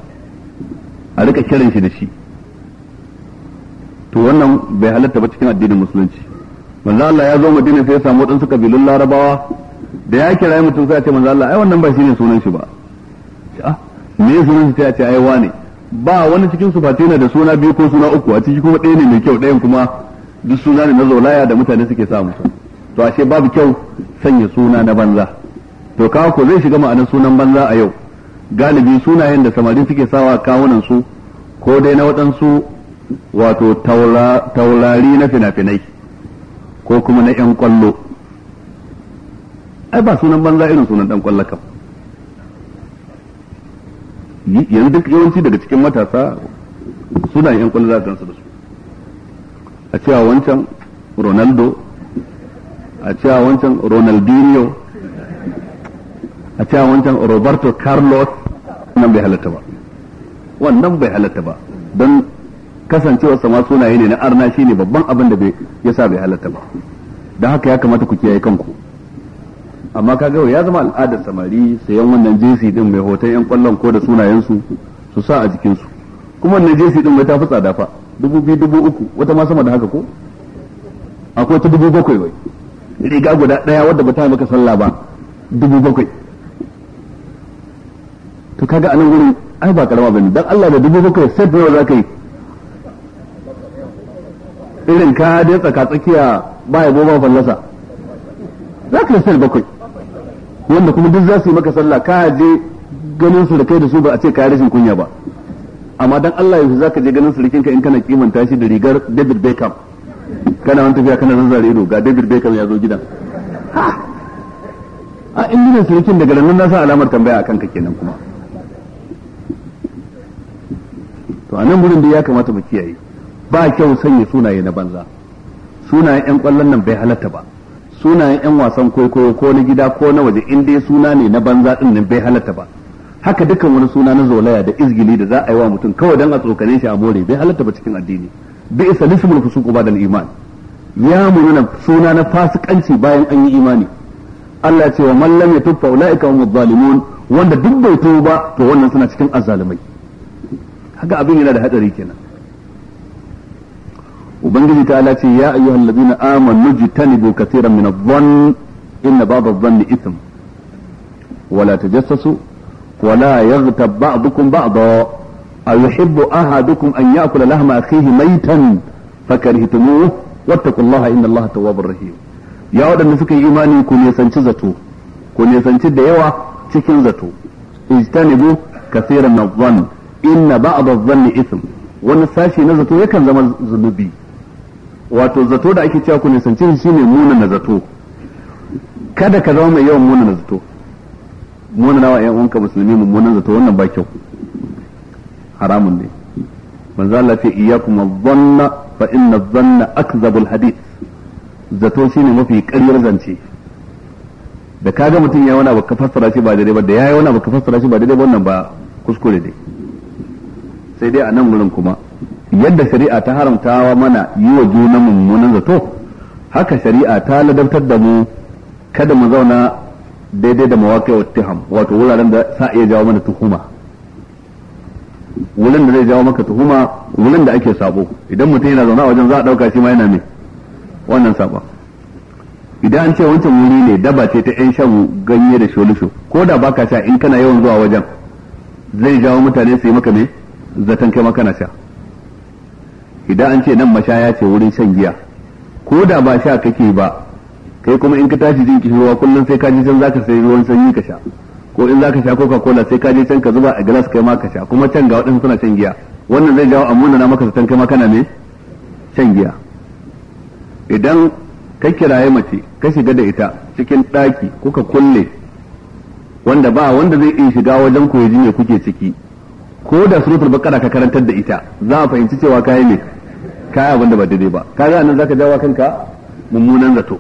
a rika kiran shi da shi to wannan bai halatta ba cikin addinin musulunci manzo Allah ya zo Madina sai ya samu wadansu kabilun Larabawa da ya kira mutum sai ya ce manzo Allah ai wannan ba shine sunan shi ba ah me sunan shi ta ce ai wane ba wani cikin su fatina da suna biyu ko suna uku a ciki kuma ɗaya ne mai kyau ɗayan kuma duk suna ne na zolaya da mutane suke samu to ashe babu kyau sanya suna na banza to kawo ko zai shiga ma'anar sunan banza a yau galibi sunayen da samari suke sawa kawunan su ko dai na waɗansu wato taulari na fina-finai ko kuma na 'yan kwallo ai ba sunan banza irin sunan ɗan kwallo kam yanzu duk yawanci daga cikin matasa suna yan kwallo za gansu da su a cewa wancan ronaldo a cewa wancan ronaldinho a cewa wancan roberto carlos nan bai halatta ba wannan bai halatta ba don kasancewa sama sunaye ne na arna ne babban abin da ya sa bai halatta ba don haka ya kamata ku kiyaye kanku amma kaga ya zama al'adar samari sayan wannan jinsi din mai hoton yan kwallon ko da sunayensu su sa a jikinsu kuma wannan jinsi din mai ta fi tsada fa dubu biyu dubu uku wata ma sama da haka ko akwai ta dubu bakwai bai riga guda ɗaya wadda ba ta maka sallah ba dubu bakwai to kaga anan gurin ai ba karama bane dan Allah da dubu bakwai sai nawa zaka yi irin ka da tsaka tsakiya ba ya goma fallasa zaka yi sai bakwai wanda kuma duk za su yi maka sallah ka je ganin su da kai da su ba a ce ka yi rashin kunya ba amma dan Allah yanzu zaka je ganin rikin ka in kana kimanta shi da rigar David Beckham kana wani tafiya kana zanzare ido ga David Beckham ya zo gidan a in ne surukin daga nan na sa alamar tambaya akan ka kenan kuma to a nan wurin da ya kamata mu kiyaye ba kyau sanya sunaye na banza sunayen yan kwallon nan bai halatta ba sunayen yan wasan kwaikwayo ko na gida ko na waje in dai suna ne na banza din nan bai halatta ba haka dukkan wani suna na zolaya da izgili da za a yi wa mutum kawai dan a tsokane shi a more bai halatta ba cikin addini bi isa lismul fusuq ba iman ya nan suna na fasikanci bayan an yi imani Allah ya ce wa Mallam ya yatub ulaika zalimun wanda duk bai tuba to wannan suna cikin azzalimai haka abin yana da hadari kenan ubangiji ta ce ya ayyuhal ladina amanu jitanibu katiran min adh-dhann inna ba'd adh-dhanni ithm wala tajassasu wala yaghtab ba'dukum ba'dha أيحب أحدكم أن يأكل لحم أخيه ميتا فكرهتموه واتقوا الله إن الله تواب رحيم يا ودن suka yi imani ku nisanci zato ku nisanci da yawa cikin zato ijtanibu kaseeran nadhann inna ba'd adh-dhanni ithm wani sashi na zato yakan zama zunubi wato zato da ake cewa ku nisanci shine na zato kada ka zama mai yawan na zato munana wa ƴan uwanka musulmi muna zato wannan ba kyau haramun ne manzo Allah ce iyyakum adh-dhanna fa inna adh-dhanna akdhabul hadith zato shine mafi ƙaryar zance da kaga mutum ya wani abu ka fassara shi ba daidai ba da yayi wani abu ka fassara shi ba daidai ba wannan ba kuskure dai sai dai a nan wurin kuma yadda shari'a ta haramtawa mana yi wa juna mummunan zato haka shari'a ta ladabtar da mu kada mu zauna daidai da mawaƙi wa tiham wato wuraren da sa iya jawo mana tuhuma wurin da zai jawo maka tuhuma wurin da ake sabo idan mutum yana zaune a wajen za a ɗauka shi ma yana mai wannan saba idan an ce wancan wuri ne daba ce ta yan shan ganye da sholisho ko da baka sha in kana yawan zuwa wajen zai jawo mutane su yi maka mai zaton kai ma kana sha idan an ce nan mashaya ce wurin shan giya ko da ba sha kake ba kai kuma in ka tashi jin kishirwa kullum sai ka ji can zaka sai ruwan sanyi ka sha ko in zaka sha coca cola sai ka je can ka zuba a glass kai ma ka sha kuma can ga waɗansu suna shan giya wannan zai jawo amma na maka zaton kai ma kana me shan giya idan ka kiraye mace ka shiga da ita cikin ɗaki kuka kulle wanda ba wanda zai iya shiga wajen ku ya ji me kuke ciki ko da suratul baqara ka karantar da ita za a fahimci cewa kai ne kai abin da ba daidai ba kaga zaka jawo kanka mummunan zato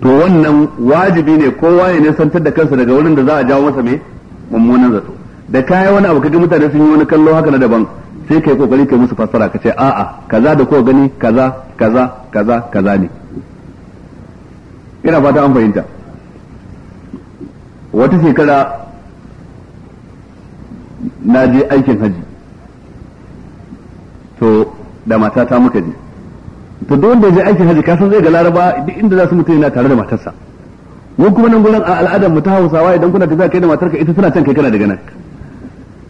to wannan wajibi ne kowa ya nisantar da kansa daga wurin da za a jawo masa me mummunan zato da kai wani abu kaga mutane sun yi wani kallo haka na daban sai ka kai kokari kai musu fassara ka ce a'a kaza da kowa gani kaza kaza kaza kaza ne ina fata an fahimta wata shekara na je aikin haji to da matata muka je to duk wanda je aikin haji kasan zai ga laraba duk inda za su mutu yana tare da matarsa mu kuma nan gurin a al'adar mu ta Hausawa idan kuna tafiya kai da matarka ita tana can kai kana daga nan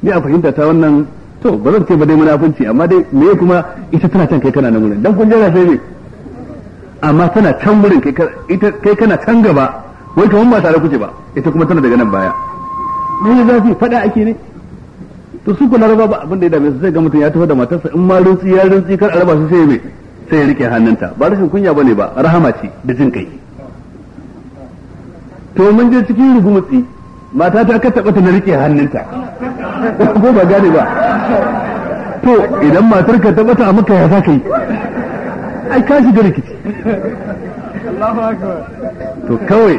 ni a fahimta ta wannan to ba zan ce ba dai munafunci amma dai me kuma ita tana can kai kana nan gurin dan kun jira sai me amma tana can gurin kai ita kai kana can gaba wai kamar ba tare kuke ba ita kuma tana daga nan baya ne zafi fada ake ne to su kula raba ba abin da ya dame su sai ga mutum ya tafi da matarsa in ma rintsi ya rintsi kar a raba su sai me sai ya rike hannunta ba rashin kunya bane ba rahama ce da jin kai to mun je cikin rugumutsi mata ta kar taba ta na rike hannunta ko ba gane ba to idan matar ka taba ta maka ya zaka yi ai ka shiga rikici Allahu akbar to kawai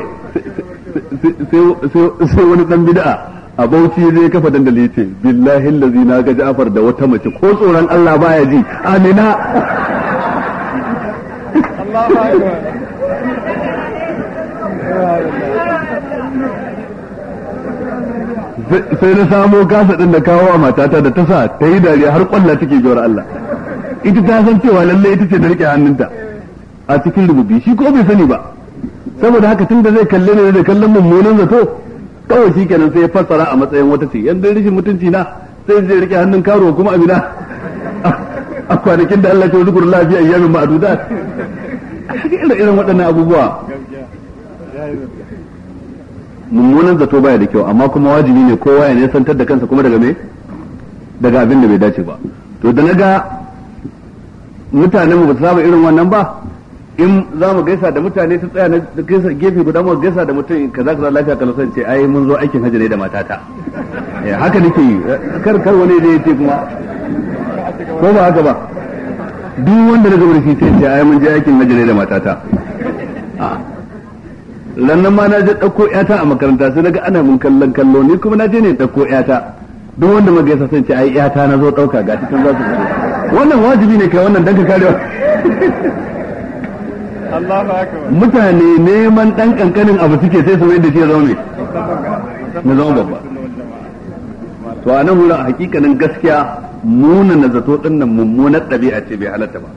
sai wani dan bid'a a bauchi zai kafa dandali ce billahi allazi na ga Ja'far da wata mace ko tsoron Allah baya ji amina sai na samo gasa ɗin da kawo a matata da ta sa ta yi dariya har kwalla take jawar Allah ita ta san cewa lalle ita ce da rike hannunta a cikin rububi shi ko bai sani ba saboda haka tun da zai kalle ne da kallon mummunan zato kawai shi kenan sai ya fassara a matsayin wata ce yanda rishin mutunci na sai zai rike hannun karo kuma amina a kwanakin da Allah ke zukur lafiya ayyamin ma'dudat haka irin irin waɗannan abubuwa mummunan zato baya da kyau amma kuma wajibi ne kowa ya nisantar da kansa kuma daga me daga abin da bai dace ba to da na ga mutanen mu ba su saba irin wannan ba in za mu gaisa da mutane ta tsaya na gefe guda mu gaisa da mutum ka kaza lafiya kalau ce ai mun zo aikin hajji ne da matata eh, haka nake yi kar kar wani zai ce kuma ko ba haka ba duk wanda na gaba da shi sai ce ai mun je aikin hajji ne da matata ah. lannan ma na je ɗauko ƴata a makaranta sai naga ana mun kallon kallo ni kuma na je ne ɗauko ƴata duk wanda mu gaisa sai ce ai ƴata na zo ɗauka ga cikin za su wannan wajibi ne kai wannan dan ka karewa mutane neman ɗan ƙanƙanin abu suke sai su da shi ya zaune na zama babba to a nan wurin a hakikanin gaskiya muna na zato ɗin nan mummunar ɗabi'a ce bai halatta ba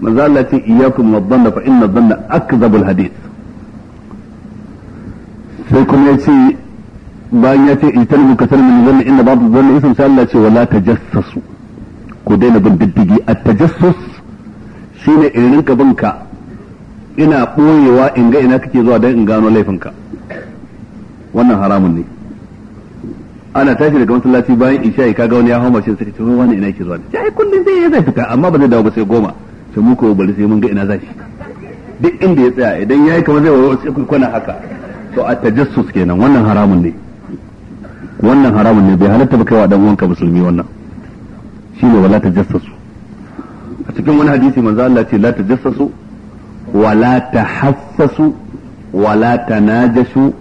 manzo Allah ce iyyakum wadhanna fa inna dhanna akdhabul hadith sai kuma ya ce bayan ya ce italibu kasar min na inna babu zanna isin sai Allah ce wala tajassasu ku daina bin diddigi at tajassus shine irin ka binka ina ɓoyewa in ga ina kake zuwa don in gano laifinka wannan haramun ne ana tashi daga masallaci bayan isha ka ga wani ya hau mashin sai cewa wani ina ke zuwa ne ai kullum sai ya zai fita amma ba zai dawo ba sai goma sai mu ko bari sai mun ga ina zai duk inda ya tsaya idan yayi kamar zai wayo sai kwana haka to a tajassus kenan wannan haramun ne wannan haramun ne bai halatta ba kai wa dan uwanka musulmi wannan shine wala tajassasu a cikin wani hadisi manzo Allah ce la tajassasu wala tahassasu wala tanajashu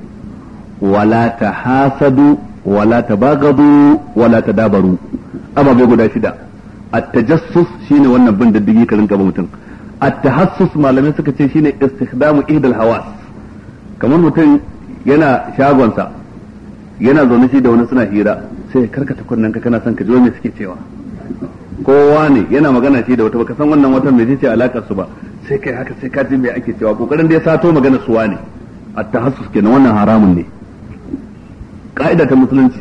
wala tahasadu wala tabagadu wala tadabaru ababai guda shida at-tajassus shine wannan bin diddigi ka rinka ba mutum at-tahassus malamai suka ce shine istikhdamu idar hawas kamar mutum yana shagonsa yana zaune shi da wani suna hira sai karkata kunnen ka kana son ka ji me suke cewa kowa ne yana magana ce da wata baka san wannan watan mai ce alakar su ba sai kai haka sai ka ji me ake cewa kokarin da ya sato magana suwa ne at-tahassus kenan wannan haramun ne ka'ida ta musulunci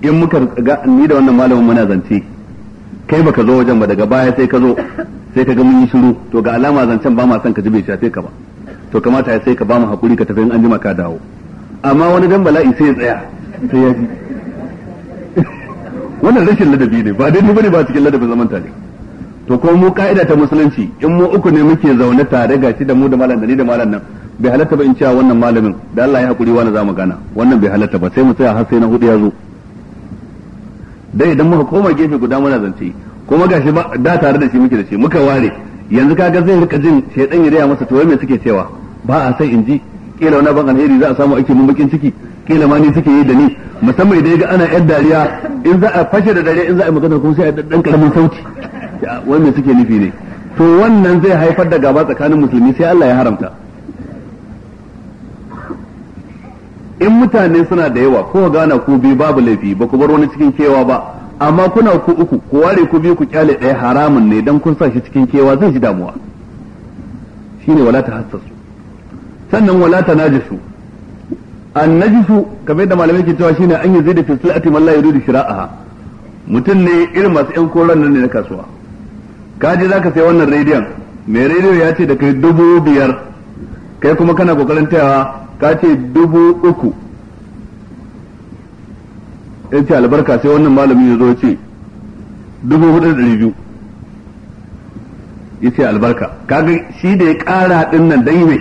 in muka ga ni da wannan malamin muna zance kai baka zo wajen ba daga baya sai ka zo sai ka ga mun yi shiru to ga alama zancen ba ma son ka ji bai shafe ka ba to kamata sai ka ba mu hakuri ka tafi in an jima ka dawo amma wani dan bala'i sai ya tsaya sai ya ji wannan rashin ladabi ne ba ni bane ba cikin ladabin zaman tare to ko mu ka'ida ta musulunci in mu uku ne muke zaune tare gashi da mu da malam da ni da malam nan bai halatta ba in cewa wannan malamin da Allah ya hakuri wani za mu gana wannan bai halatta ba sai mu tsaya har sai na hudu ya zo dai idan muka koma gefe guda muna zance kuma gashi ba da tare da shi muke da shi muka ware yanzu kaga zai rika jin shedan ya riya masa to me suke cewa ba a sai in ji kila wani ban alheri za a samu ake mun bakin ciki kila ma ni suke yi da ni musamman idan ga ana yan dariya in za a fashe da dariya in za a magana kuma sai a dan karamin sauti wannan suke nufi ne to wannan zai haifar da gaba tsakanin musulmi sai Allah ya haramta in mutane suna da yawa ko gana ku biyu babu laifi ba ku bar wani cikin kewa ba amma kuna ku uku ku ware ku biyu ku kyale ɗaya haramun ne dan kun sa shi cikin kewa zai ji damuwa shine wala ta hassasu sannan wala ta najisu annajisu kamar da malamai ke cewa shine an zai da fi layi man la a shira'aha mutum ne irin masu yan koran nan ne na kasuwa ka je zaka sai wannan rediyon mai rediyo ya ce da kai dubu biyar kai kuma kana kokarin tayawa ka ce dubu uku ya ce albarka sai wannan malami ya zo ce dubu hudu da dari biyu ya ce albarka kaga shi da ya kara din nan dai mai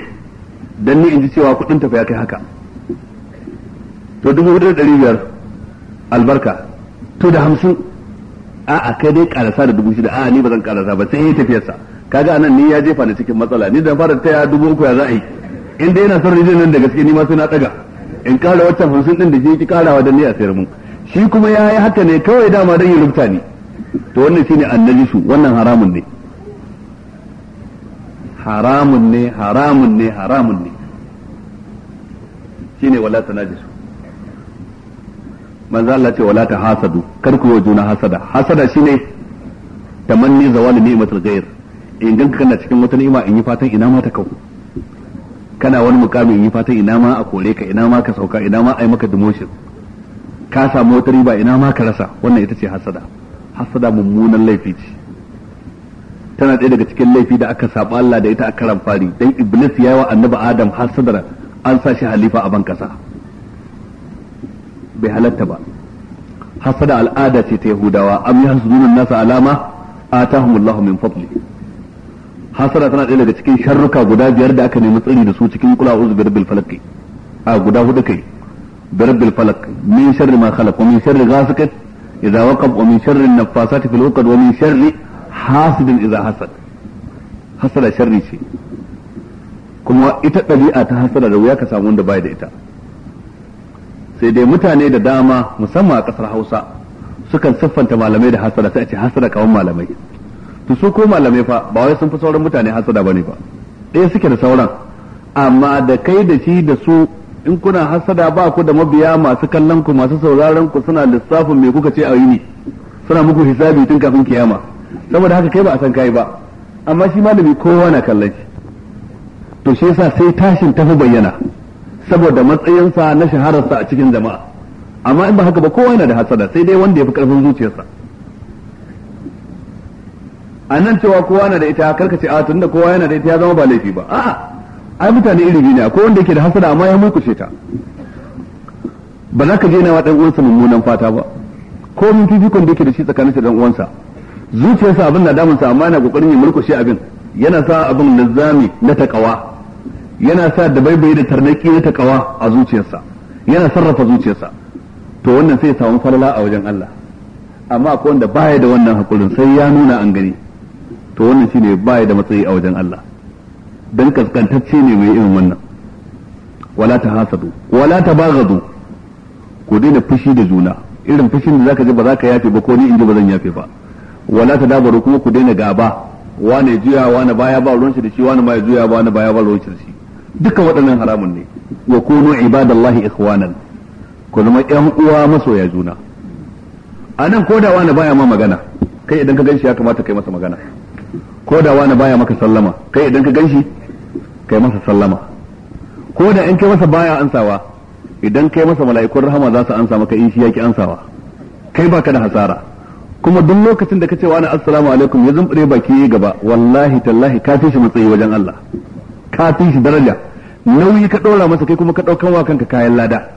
dan ni in ji cewa kudin tafiya kai haka to dubu hudu da ɗari biyar albarka to da hamsin a'a kai dai karasa da dubu shida a ni ba zan karasa ba sai ya tafiyarsa kaga anan ni ya jefa ni cikin matsala ni da fara taya dubu uku ya za a yi in dai yana son rijin nan da gaske ni ma sai na ɗaga in kara waccan hamsin ɗin da shi ki karawa da ni a sayar mun shi kuma ya yi haka ne kawai dama don yi rubuta ni to wannan shine su wannan haramun ne haramun ne haramun ne haramun ne shine wala tanajisu manzo Allah ce wala ta hasadu kar ku yi juna hasada hasada shine tamanni zawali ni'matul ghair in ganka kana cikin wata ni'ima in yi fatan ina ma ta kau kana wani mukami in yi fatan ina ma a kore ka ina ma ka sauka ina ma ai maka demotion ka samu wata riba ina ma ka rasa wannan ita ce hasada hasada mummunan laifi ce tana ɗaya daga cikin laifi da aka saba Allah da ita a karan fari dan iblis yayi wa annabi adam hasadara an sa shi halifa a ban kasa bai halatta ba hasada al'ada ce ta yahudawa am yahsudun nasa alama atahumullahu min fadli hasada tana ɗaya daga cikin sharruka guda biyar da aka nemi tsari da su cikin kula uzu bi rabbil falaq a guda hudu kai bi rabbil falaq min sharri ma khalaq wa min sharri ghasiqin idza waqab wa min sharri an-naffasati fil 'uqad wa min sharri hasidin idza hasad hasada sharri ce kuma ita ɗabi'a ta hasada da wuya ka samu wanda bai da ita sai dai mutane da dama musamman a kasar Hausa sukan siffanta malamai da hasada sai a ce hasada kawan malamai to su ko malamai fa ba wai sun fi sauran mutane hasada bane ba ɗaya suke da sauran amma da kai da shi da su in kuna hasada ba ku da mabiya masu kallon ku masu sauraron ku suna lissafin me kuka ce a yi suna muku hisabi tun kafin kiyama saboda haka kai ba a san kai ba amma shi malami kowa na kallon shi to shi yasa sai tashin tafi bayyana saboda matsayinsa na shahararsa a cikin jama'a amma in ba haka ba kowa yana da hasada sai dai wanda ya fi karfin zuciyarsa a nan cewa kowa na da ita karkace a da kowa yana da ita ya zama ba laifi ba a'a ai mutane iri biyu ne akwai wanda yake da hasada amma ya mulkushe ta ba za ka je na dan uwansa mummunan fata ba ko min fifikon da yake da shi tsakanin shi dan uwansa zuciyarsa abin na damunsa amma yana kokarin ya mulkushe abin yana sa abin na zami na takawa yana sa da baibaye da tarnaki ta takawa a zuciyarsa yana sarrafa zuciyarsa to wannan sai ya samu falala a wajen Allah amma akwai wanda baya da wannan hakurin sai ya nuna an gani to wannan shine baya da matsayi a wajen Allah dan kaskantacce ne mai irin wannan wala ta hasadu wala ta bagadu ku daina fushi da juna irin fushin da zaka ji ba zaka yafe ba ko ni in ji ba zan yafe ba wala ta dabaru kuma ku daina gaba wane juya wane baya ba ruwan shi da shi wane baya juya wane baya ba ruwan shi da shi duka waɗannan haramun ne wa kunu ibadallahi ikhwanan ku zama ƴan uwa masoya juna a nan ko da wani baya ma magana kai idan ka ganshi ya kamata kai masa magana ko da wani baya maka sallama kai idan ka ganshi kai masa sallama ko da in kai masa baya ansawa idan kai masa mala'ikun rahama za su ansa maka in shi yaki ansawa kai baka da hasara kuma duk lokacin da ka ce wani assalamu alaikum ya zumbure baki gaba wallahi tallahi ka fi shi matsayi wajen Allah ka fi shi daraja nauyi ka ɗora masa kai kuma ka ɗaukan wa kanka kayan lada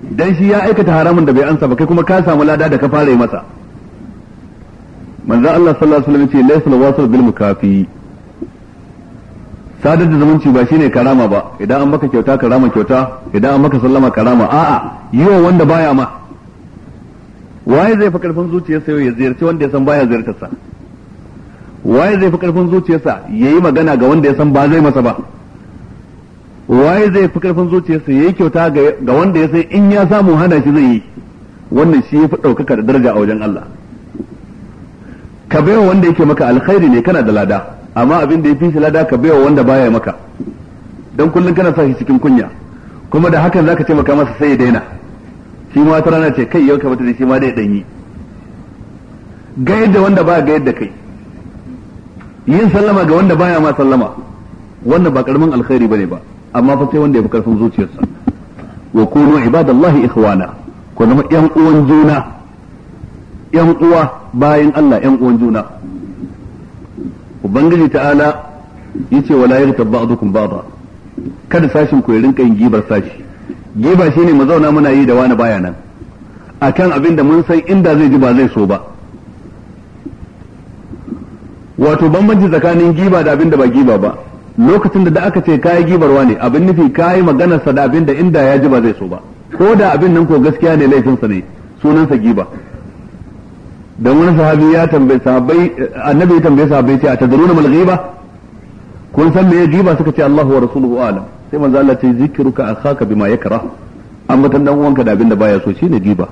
dan shi ya aikata haramun da bai ansa ba kai kuma ka samu lada da ka fara yi masa manzo Allah sallallahu alaihi wasallam ce laysa alwasil bil mukafi sadar da zumunci ba shine karama ba idan an maka kyauta karama kyauta idan an maka sallama karama a'a yiwa wanda baya ma waye zai fi karfin zuciyarsa yau ya ziyarci wanda ya san baya ziyartarsa waye zai fi karfin zuciyarsa yayi magana ga wanda ya san ba zai masa ba waye zai fi karfin zuciyarsa yayi kyauta ga wanda ya sai in ya samu hana shi zai yi wannan shi yafi ɗaukaka da daraja a wajen Allah ka baiwa wanda yake maka alkhairi ne kana da lada amma abin da ya fi shi lada ka baiwa wanda baya maka dan kullun kana sa shi cikin kunya kuma da hakan zaka ce maka masa sai ya daina shi ma wata rana ce kai yau ka bata da shi ma dai danyi ga yadda wanda ba ga yadda kai yin sallama ga wanda baya ma sallama wannan ba karamin alkhairi bane ba amma fa sai wanda ya fi karfin zuciyarsa wa kunu ibadallahi ikhwana ku zama yan uwan juna yan uwa bayan Allah yan uwan juna ubangiji ta'ala yace wala yaghtab ba'dukum ba'da kada sashin ku ya rinka yin gibar sashi giba shine mu zauna muna yi da wani baya nan akan abin da mun san inda zai ji ba zai so ba wato bambanci tsakanin giba da abin da ba giba ba lokacin da da aka ce kayi gibarwa ne abin nufi kayi maganarsa da abin da inda ya ji ba zai so ba ko da abin nan ko gaskiya ne laifin sa ne sunan sa giba dan wani sahabi ya tambaye sahabbai annabi ya tambaye sahabbai ce atadruna mal ghiba kun san me giba suka ce Allahu wa rasuluhu alam sai manzo Allah ce zikruka akhaka bima an ambatan dan uwanka da abin da baya so shine giba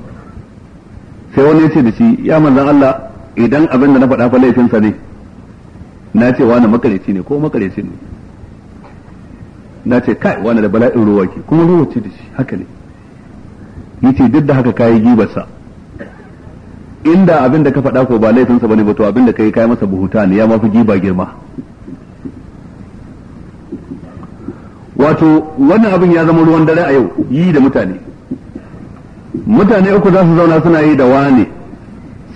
sai wani ya ce da shi ya manzo Allah idan abin da na faɗa fa laifinsa ne na ce wani makareci ne ko makareci ne na ce kai wani da bala'in ruwa ke kuma ruwa ce da shi haka ne yace duk da haka kayi gibarsa inda abin da ka faɗa ko ba laifinsa bane ba to abin da kai kai masa buhuta ne ya ma fi giba girma wato wannan abin ya zama ruwan dare a yau yi da mutane mutane uku za su zauna suna yi da wane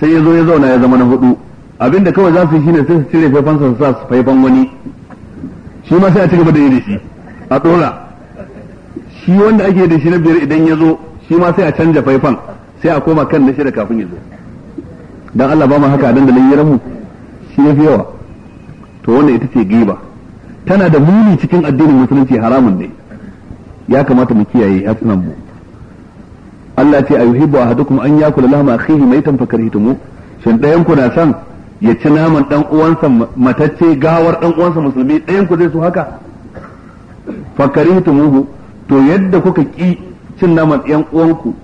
sai ya zo ya zauna ya zama na hudu abin da kawai za su yi shine sai su cire faifansa su sa su faifan wani shi ma sai a ci gaba da yi da shi a dora shi wanda ake da shi na biyar idan ya zo shi ma sai a canja faifan sai a koma kan na shida kafin ya zo dan Allah ba mu haka a dandalin yi ramu shi ya fi yawa to wanda ita ce giba tana da muni cikin addinin musulunci haramun ne ya kamata mu kiyaye hatsunan mu Allah ce a yuhibbu ahadukum an yakula lahma akhihi fakarhitumu shin dayan ku na san ya ci naman dan uwansa matacce gawar dan uwansa musulmi ɗayan ku zai so haka muhu to yadda kuka ki cin naman ɗan uwanku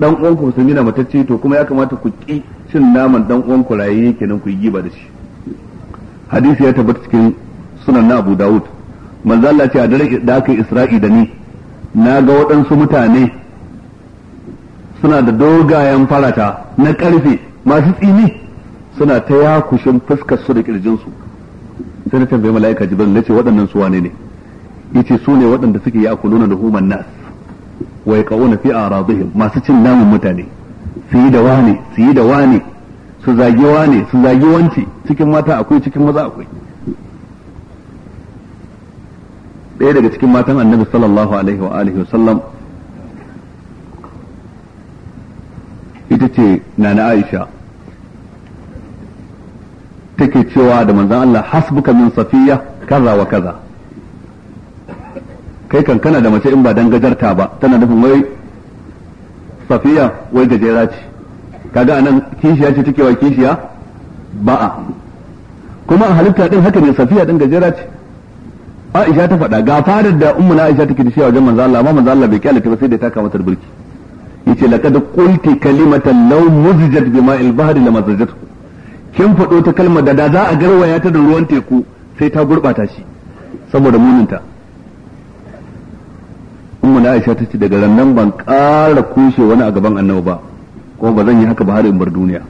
ɗan uwanku sun na matacce to kuma ya kamata ku ki cin naman ɗan uwanku rayayye kenan ku yi giba da shi hadisi ya tabbata cikin sunan na Abu Dawud manzo Allah ce a dare da aka Isra'i da ni na ga waɗansu mutane suna da dogayen farata na ƙarfe masu tsini suna ta yakushin fuskar su da kirjinsu sai na tambayi mala'ika jibril ce waɗannan su wane ne yace su ne waɗanda suke yakuluna luhuman nas wa yaqauna fi aradihim masu cin namun mutane su yi da wane su yi da wane su zagi wane su zagi wance cikin mata akwai cikin maza akwai ɗaya daga cikin matan annabi sallallahu alaihi wa alihi wasallam ita ce nana aisha take cewa da manzon Allah hasbuka min safiya kaza wa kaza kai kan kana da mace in ba dan gajarta ba tana nufin wai safiya wai gajera ce kaga anan kishiya ce take wa kishiya a kuma a halitta din haka ne safiya din gajera ce Aisha ta faɗa ga farar da ummu na Aisha take da shi a wajen manzo Allah amma manzo Allah bai ta ba sai da ta kama burki yace laqad qulti kalimatan law muzijat bima'il bahri lamazajatu kin faɗo ta kalmar da da za a garwaya ta da ruwan teku sai ta gurbata shi saboda muninta umma na aisha ta ce daga rannan ban ƙara kushe wani a gaban annabi ba kuma ba zan yi haka ba har in bar duniya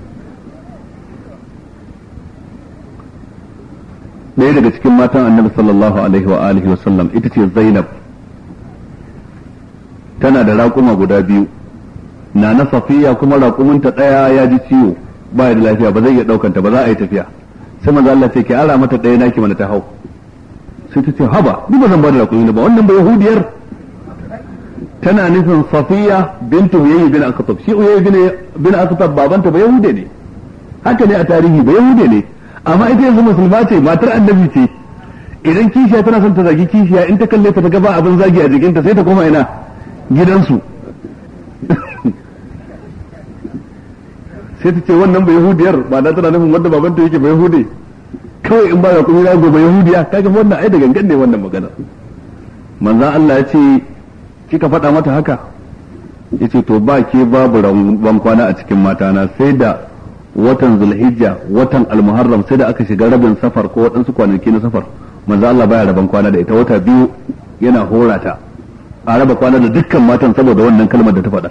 ɗaya daga cikin matan annabi sallallahu alaihi wa alihi wa sallam ita ce zainab tana da raƙuma guda biyu na na safiya kuma raƙuminta ɗaya ya ji ciwo ba da lafiya ba zai iya ɗaukanta ba za a yi tafiya sai manzo Allah ce ki ara mata ɗaya naki mana ta hau sai ta ce haba ni ba zan ba da raƙumi ba wannan ba yahudiyar tana nufin safiya bintu uyayyi bin akatab shi uyayyi bin bin akatab babanta ba yahude ne haka ne a tarihi ba yahude ne amma ita yanzu musulma ce matar annabi ce idan kishiya tana son ta zagi kishiya in ta kalle ta ga ba abin zagi a jikinta sai ta koma ina gidansu sai ta ce wannan ba yahudiyar ba da tana nufin wanda babanta yake ba hude kawai in ba ya kuma ya gobe yahudiya kaga wannan ai da gangan ne wannan magana manzo Allah ya ce kika faɗa mata haka yace to ba ke babu ban kwana a cikin matana sai da watan zulhijja watan almuharram sai da aka shiga rabin safar ko waɗansu kwanaki na safar manzo Allah baya raban kwana da ita wata biyu yana horata a raba kwana da dukkan matan saboda wannan kalmar da ta faɗa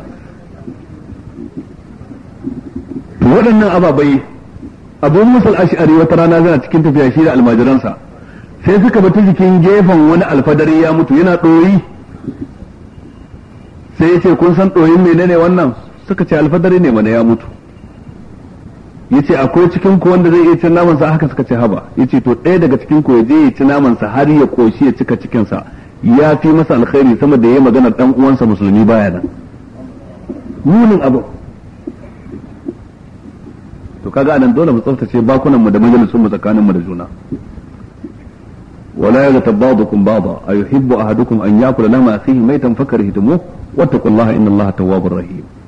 to waɗannan ababai abu musul ash'ari wata rana zana cikin tafiya shi da almajiransa sai suka bi jikin gefen wani alfadari ya mutu yana ɗoyi sai ya ce kun san ɗoyin menene wannan suka ce alfadari ne mana ya mutu ya ce akwai cikin ku wanda zai iya cin namansa haka suka ce haba ya ce to ɗaya daga cikin ku ya je ya ci namansa har ya koshi ya cika cikinsa ya fi masa alkhairi sama da ya maganar ɗan uwansa musulmi baya nan munin abu to kaga anan dole mu tsaftace bakunan mu da majalisun mu tsakanin mu da juna wala yaghtab ba'dukum ba'da ayuhibbu ahadukum an yakula lama akhihi maytan fakarhtumuh واتقوا الله إن الله تواب رحيم